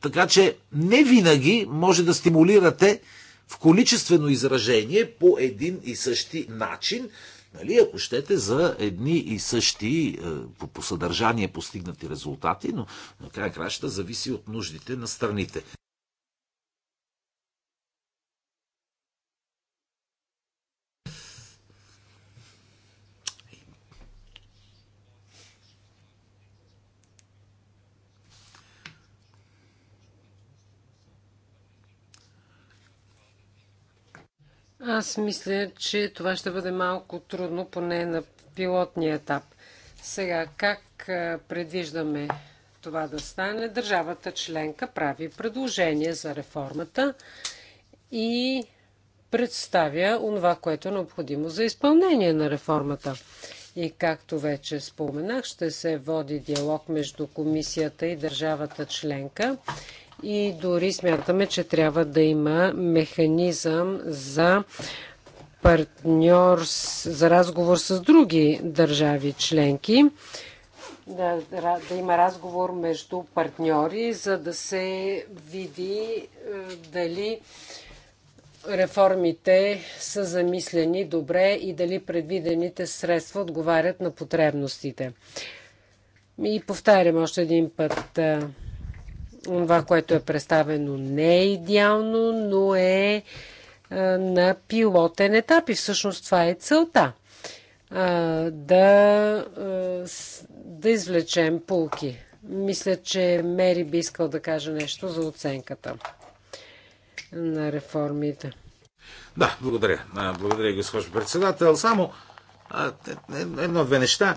Така че не винаги може да стимулирате в количествено изражение по един и същи начин, нали, ако щете, за едни и същи е, по, по съдържание постигнати резултати, но на край краща зависи от нуждите на страните. Аз мисля, че това ще бъде малко трудно, поне на пилотния етап. Сега, как предвиждаме това да стане? Държавата членка прави предложение за реформата и представя онова, което е необходимо за изпълнение на реформата. И както вече споменах, ще се води диалог между комисията и държавата членка и дори смятаме, че трябва да има механизъм за партньор, за разговор с други държави членки. Да, да има разговор между партньори, за да се види е, дали реформите са замислени добре и дали предвидените средства отговарят на потребностите. И повтарям още един път е, това, което е представено, не е идеално, но е, е на пилотен етап и всъщност това е целта. Да, да извлечем полки. Мисля, че Мери би искал да каже нещо за оценката на реформите. Да, благодаря. Благодаря, госпожо председател. Само е, е, едно-две неща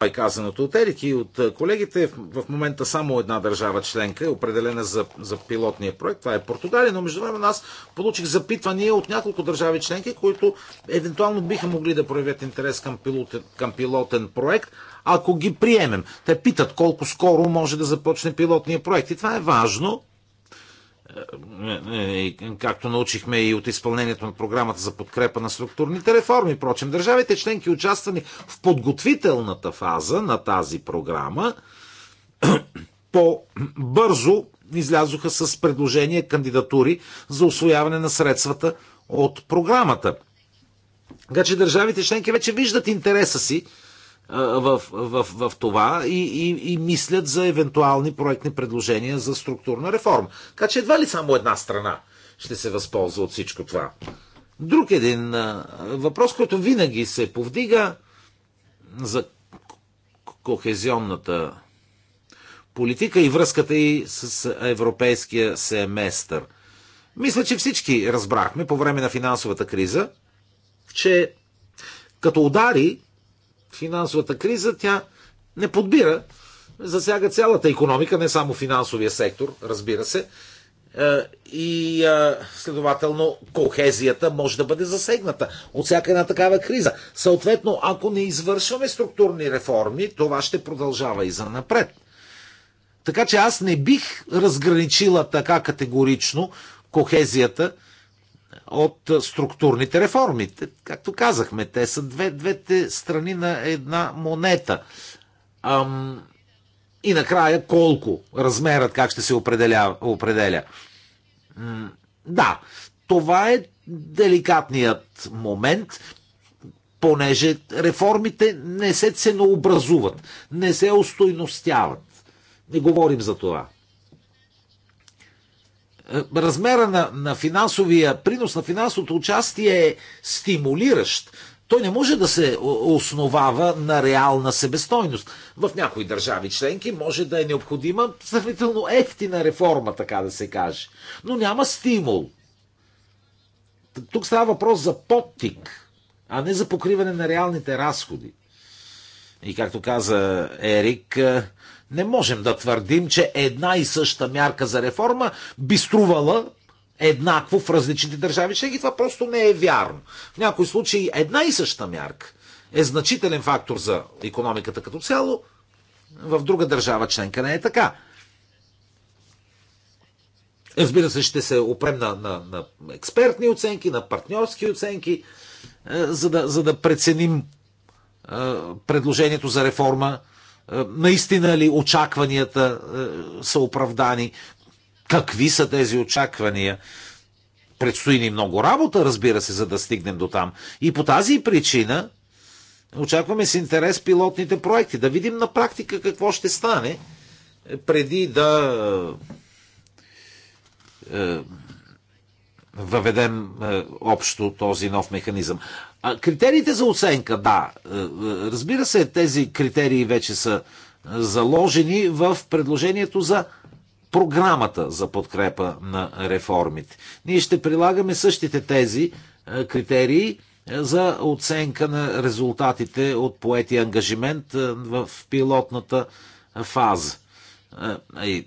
Пай казаното от Ерик и от колегите. В момента само една държава членка е определена за, за пилотния проект. Това е Португалия, но между време аз получих запитвания от няколко държави членки, които евентуално биха могли да проявят интерес към, пилотен, към пилотен проект, ако ги приемем. Те питат колко скоро може да започне пилотния проект. И това е важно, е, е, е, както научихме и от изпълнението на програмата за подкрепа на структурните реформи. Прочем, държавите членки участвани в подготвителната фаза на тази програма (clears throat) по-бързо излязоха с предложения кандидатури за освояване на средствата от програмата. Така че държавите членки вече виждат интереса си в, в, в това и, и, и мислят за евентуални проектни предложения за структурна реформа. Така че едва ли само една страна ще се възползва от всичко това. Друг един въпрос, който винаги се повдига за кохезионната политика и връзката и с европейския семестър. Мисля, че всички разбрахме по време на финансовата криза, че като удари финансовата криза, тя не подбира, засяга цялата економика, не само финансовия сектор, разбира се. Е, и е, следователно кохезията може да бъде засегната от всяка една такава криза. Съответно, ако не извършваме структурни реформи, това ще продължава и за напред. Така че аз не бих разграничила така категорично кохезията от структурните реформи. Както казахме, те са две, двете страни на една монета. Ам, и накрая колко размерът, как ще се определя. определя. М- да, това е деликатният момент, понеже реформите не се ценообразуват, не се устойностяват. Не говорим за това. Е, размера на, на финансовия принос, на финансовото участие е стимулиращ. Той не може да се основава на реална себестойност. В някои държави членки може да е необходима сравнително ефтина реформа, така да се каже. Но няма стимул. Тук става въпрос за подтик, а не за покриване на реалните разходи. И както каза Ерик, е, не можем да твърдим, че една и съща мярка за реформа би струвала еднакво в различните държави Ще ги Това просто не е вярно. В някои случаи една и съща мярка е значителен фактор за економиката като цяло, в друга държава членка не е така. Разбира се, ще се опрем на, на, на експертни оценки, на партньорски оценки, е, за да, за да преценим е, предложението за реформа е, наистина ли очакванията е, са оправдани? Какви са тези очаквания? Предстои ни много работа, разбира се, за да стигнем до там. И по тази причина очакваме с интерес пилотните проекти, да видим на практика какво ще стане е, преди да въведем е, общо този нов механизъм. А, критериите за оценка, да. Е, е, разбира се, тези критерии вече са заложени в предложението за програмата за подкрепа на реформите. Ние ще прилагаме същите тези критерии за оценка на резултатите от поети ангажимент в пилотната фаза. Е, е, е,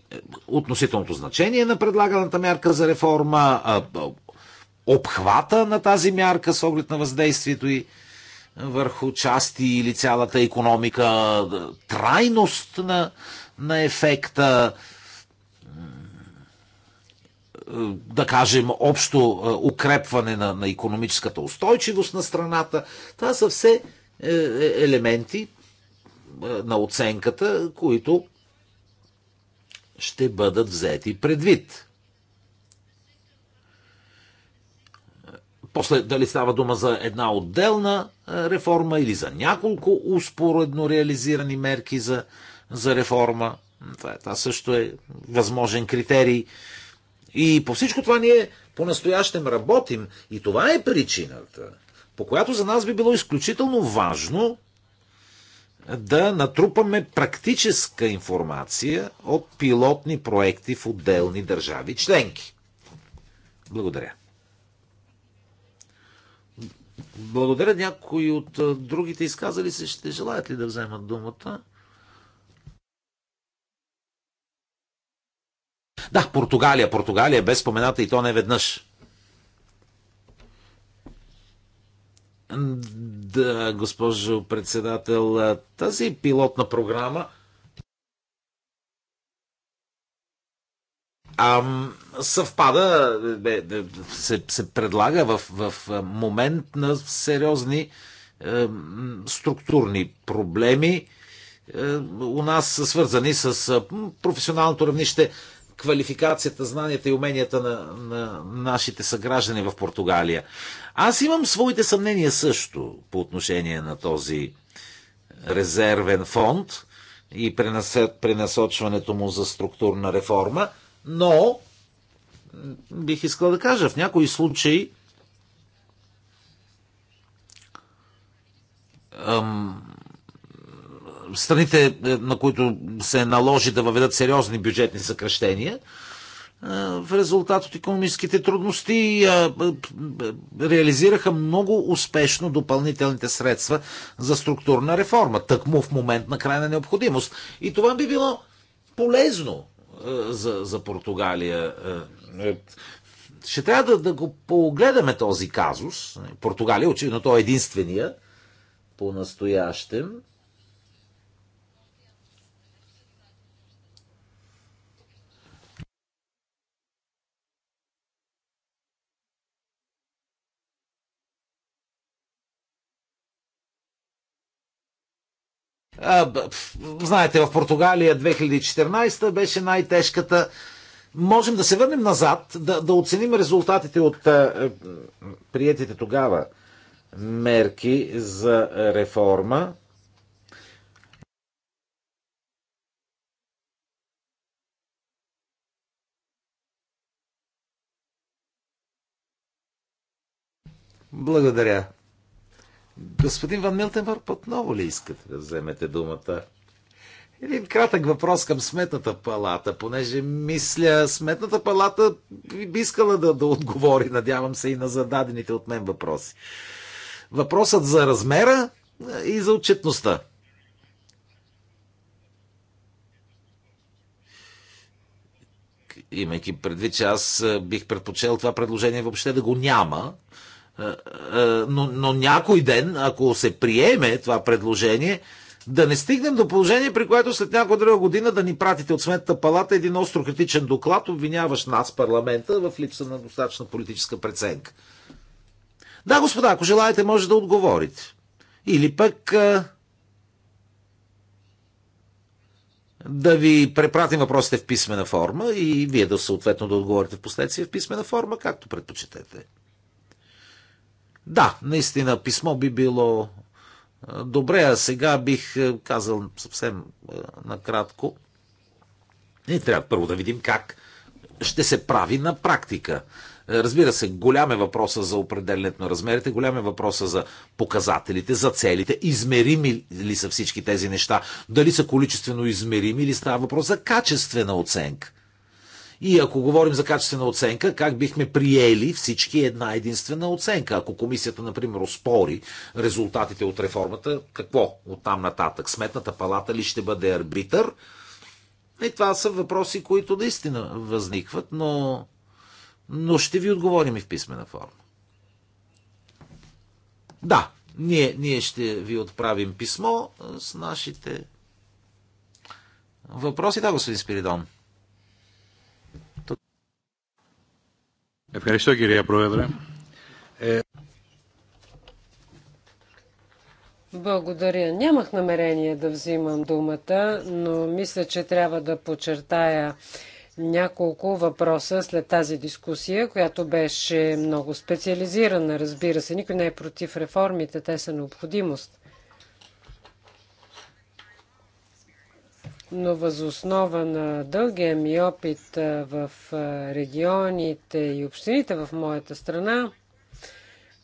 относителното значение на предлаганата мярка за реформа, обхвата на тази мярка с оглед на въздействието и върху части или цялата економика, трайност на, на ефекта, да кажем, общо укрепване на, на економическата устойчивост на страната. Това са все елементи на оценката, които ще бъдат взети предвид. После дали става дума за една отделна реформа или за няколко успоредно реализирани мерки за, за реформа. Това, е, това също е възможен критерий. И по всичко това ние по-настоящем работим. И това е причината, по която за нас би било изключително важно да натрупаме практическа информация от пилотни проекти в отделни държави членки. Благодаря. Благодаря някои от другите изказали се. Ще желаят ли да вземат думата? Да, Португалия. Португалия без спомената и то не веднъж. Да, госпожо председател, тази пилотна програма Ам, съвпада, се, се предлага в, в момент на сериозни е, структурни проблеми е, у нас, свързани с професионалното равнище квалификацията, знанията и уменията на, на нашите съграждани в Португалия. Аз имам своите съмнения също по отношение на този резервен фонд и пренасочването му за структурна реформа, но бих искал да кажа, в някои случаи ам, страните, е, на които се наложи да въведат сериозни бюджетни съкръщения, е, в резултат от економическите трудности е, реализираха много успешно допълнителните средства за структурна реформа, тъкмо в момент на крайна необходимост. И това би било полезно за, за Португалия. Ще трябва да, да го погледаме този казус. Португалия, очевидно, той е единствения по-настоящем. Знаете, в Португалия 2014 беше най-тежката. Можем да се върнем назад, да, да оценим резултатите от а, тогава мерки за реформа. Благодаря. Господин Ван Милтенбърг, отново ли искате да вземете думата? Един кратък въпрос към Сметната палата, понеже мисля, Сметната палата би искала да, да отговори, надявам се, и на зададените от мен въпроси. Въпросът за размера и за отчетността. Имайки предвид, че аз бих предпочел това предложение въобще да го няма, е, е, но, но някой ден, ако се приеме това предложение, да не стигнем до положение, при което след някоя друга година да ни пратите от сметната палата един остро критичен доклад, обвиняваш нас, парламента, в липса на достатъчна политическа преценка. Да, господа, ако желаете, може да отговорите. Или пък е, да ви препратим въпросите в писмена форма и вие да съответно да отговорите в последствие в писмена форма, както предпочитате. Да, наистина писмо би било добре, а сега бих казал съвсем накратко. И трябва първо да видим как ще се прави на практика. Разбира се, голям е въпроса за определенето на размерите, голям е въпроса за показателите, за целите, измерими ли са всички тези неща, дали са количествено измерими или става въпрос за качествена оценка. И ако говорим за качествена оценка, как бихме приели всички една единствена оценка? Ако комисията, например, оспори резултатите от реформата, какво от там нататък? Сметната палата ли ще бъде арбитър? И е, това са въпроси, които наистина възникват, но, но ще ви отговорим и в писмена форма. Да, ние, ние ще ви отправим писмо с нашите въпроси. Да, господин Спиридон. Ευχαριστώ, κυρία Πρόεδρε. Благодаря. Нямах намерение да взимам думата, но мисля, че трябва да подчертая няколко въпроса след тази дискусия, която беше много специализирана. Разбира се, никой не е против реформите, те са необходимост. но възоснова на дългия ми опит в регионите и общините в моята страна,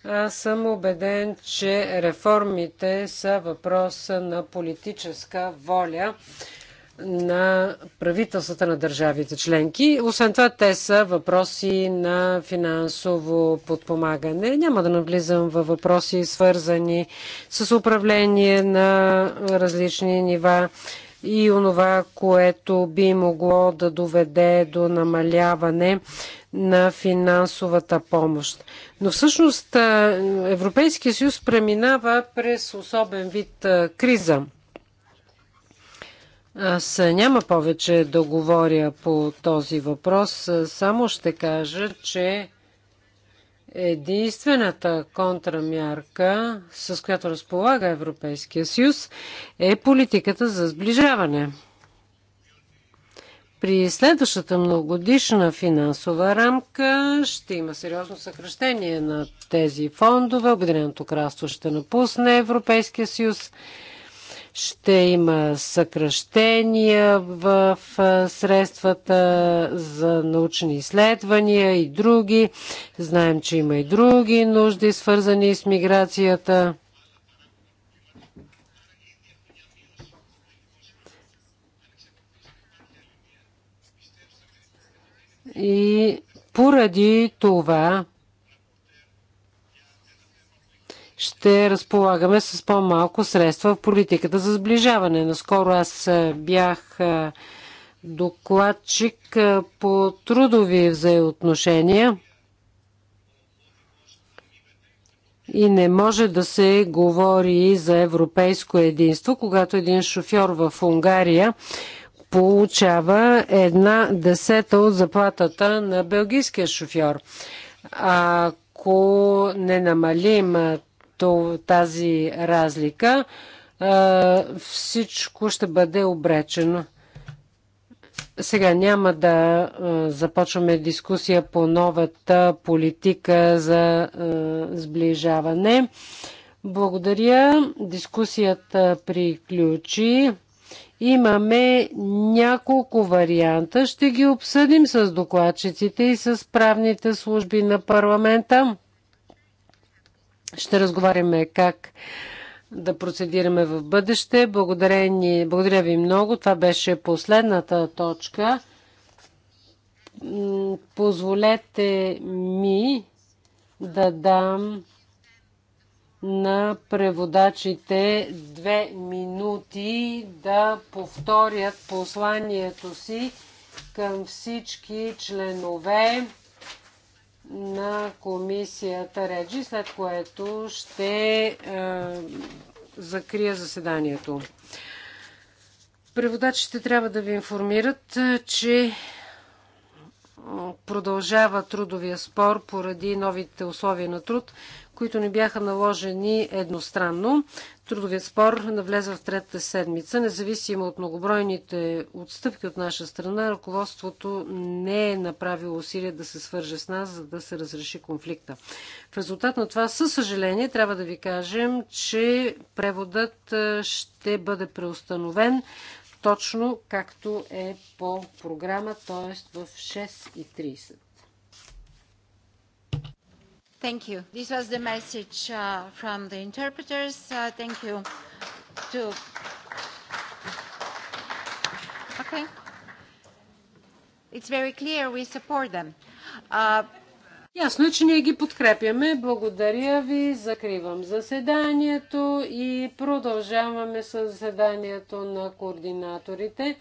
аз съм убеден, че реформите са въпрос на политическа воля на правителствата на държавите членки. Освен това, те са въпроси на финансово подпомагане. Няма да навлизам във въпроси, свързани с управление на различни нива и онова, което би могло да доведе до намаляване на финансовата помощ. Но всъщност Европейския съюз преминава през особен вид криза. Аз няма повече да говоря по този въпрос. Само ще кажа, че Единствената контрамярка, с която разполага Европейския съюз, е политиката за сближаване. При следващата многогодишна финансова рамка ще има сериозно съкръщение на тези фондове. Обединеното кралство ще напусне Европейския съюз ще има съкръщения в средствата за научни изследвания и други. Знаем, че има и други нужди, свързани с миграцията. И поради това ще разполагаме с по-малко средства в политиката за сближаване. Наскоро аз бях докладчик по трудови взаимоотношения и не може да се говори за европейско единство, когато един шофьор в Унгария получава една десета от заплатата на белгийския шофьор. Ако не намалим тази разлика, всичко ще бъде обречено. Сега няма да започваме дискусия по новата политика за сближаване. Благодаря. Дискусията приключи. Имаме няколко варианта. Ще ги обсъдим с докладчиците и с правните служби на парламента. Ще разговаряме как да процедираме в бъдеще. Благодаря, благодаря ви много. Това беше последната точка. Позволете ми да дам на преводачите две минути да повторят посланието си към всички членове на комисията Реджи, след което ще е, закрия заседанието. Преводачите трябва да ви информират, е, че е, продължава трудовия спор поради новите условия на труд, които ни бяха наложени едностранно. Трудовият спор навлезе в третата седмица. Независимо от многобройните отстъпки от наша страна, ръководството не е направило усилия да се свърже с нас, за да се разреши конфликта. В резултат на това, със съжаление, трябва да ви кажем, че преводът ще бъде преустановен точно както е по програма, т.е. в 6.30. Thank you. This was the message uh, from the interpreters. Uh, thank you to. Okay. It's very clear we support them. Uh, Ясно е, че ние ги подкрепяме. Благодаря ви. Закривам заседанието и продължаваме с заседанието на координаторите.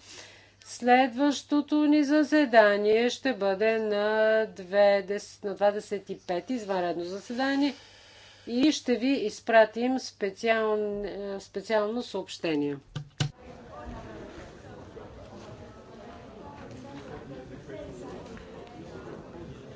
Следващото ни заседание ще бъде на 20, на 25 извънредно заседание и ще ви изпратим специал, е, специално съобщение.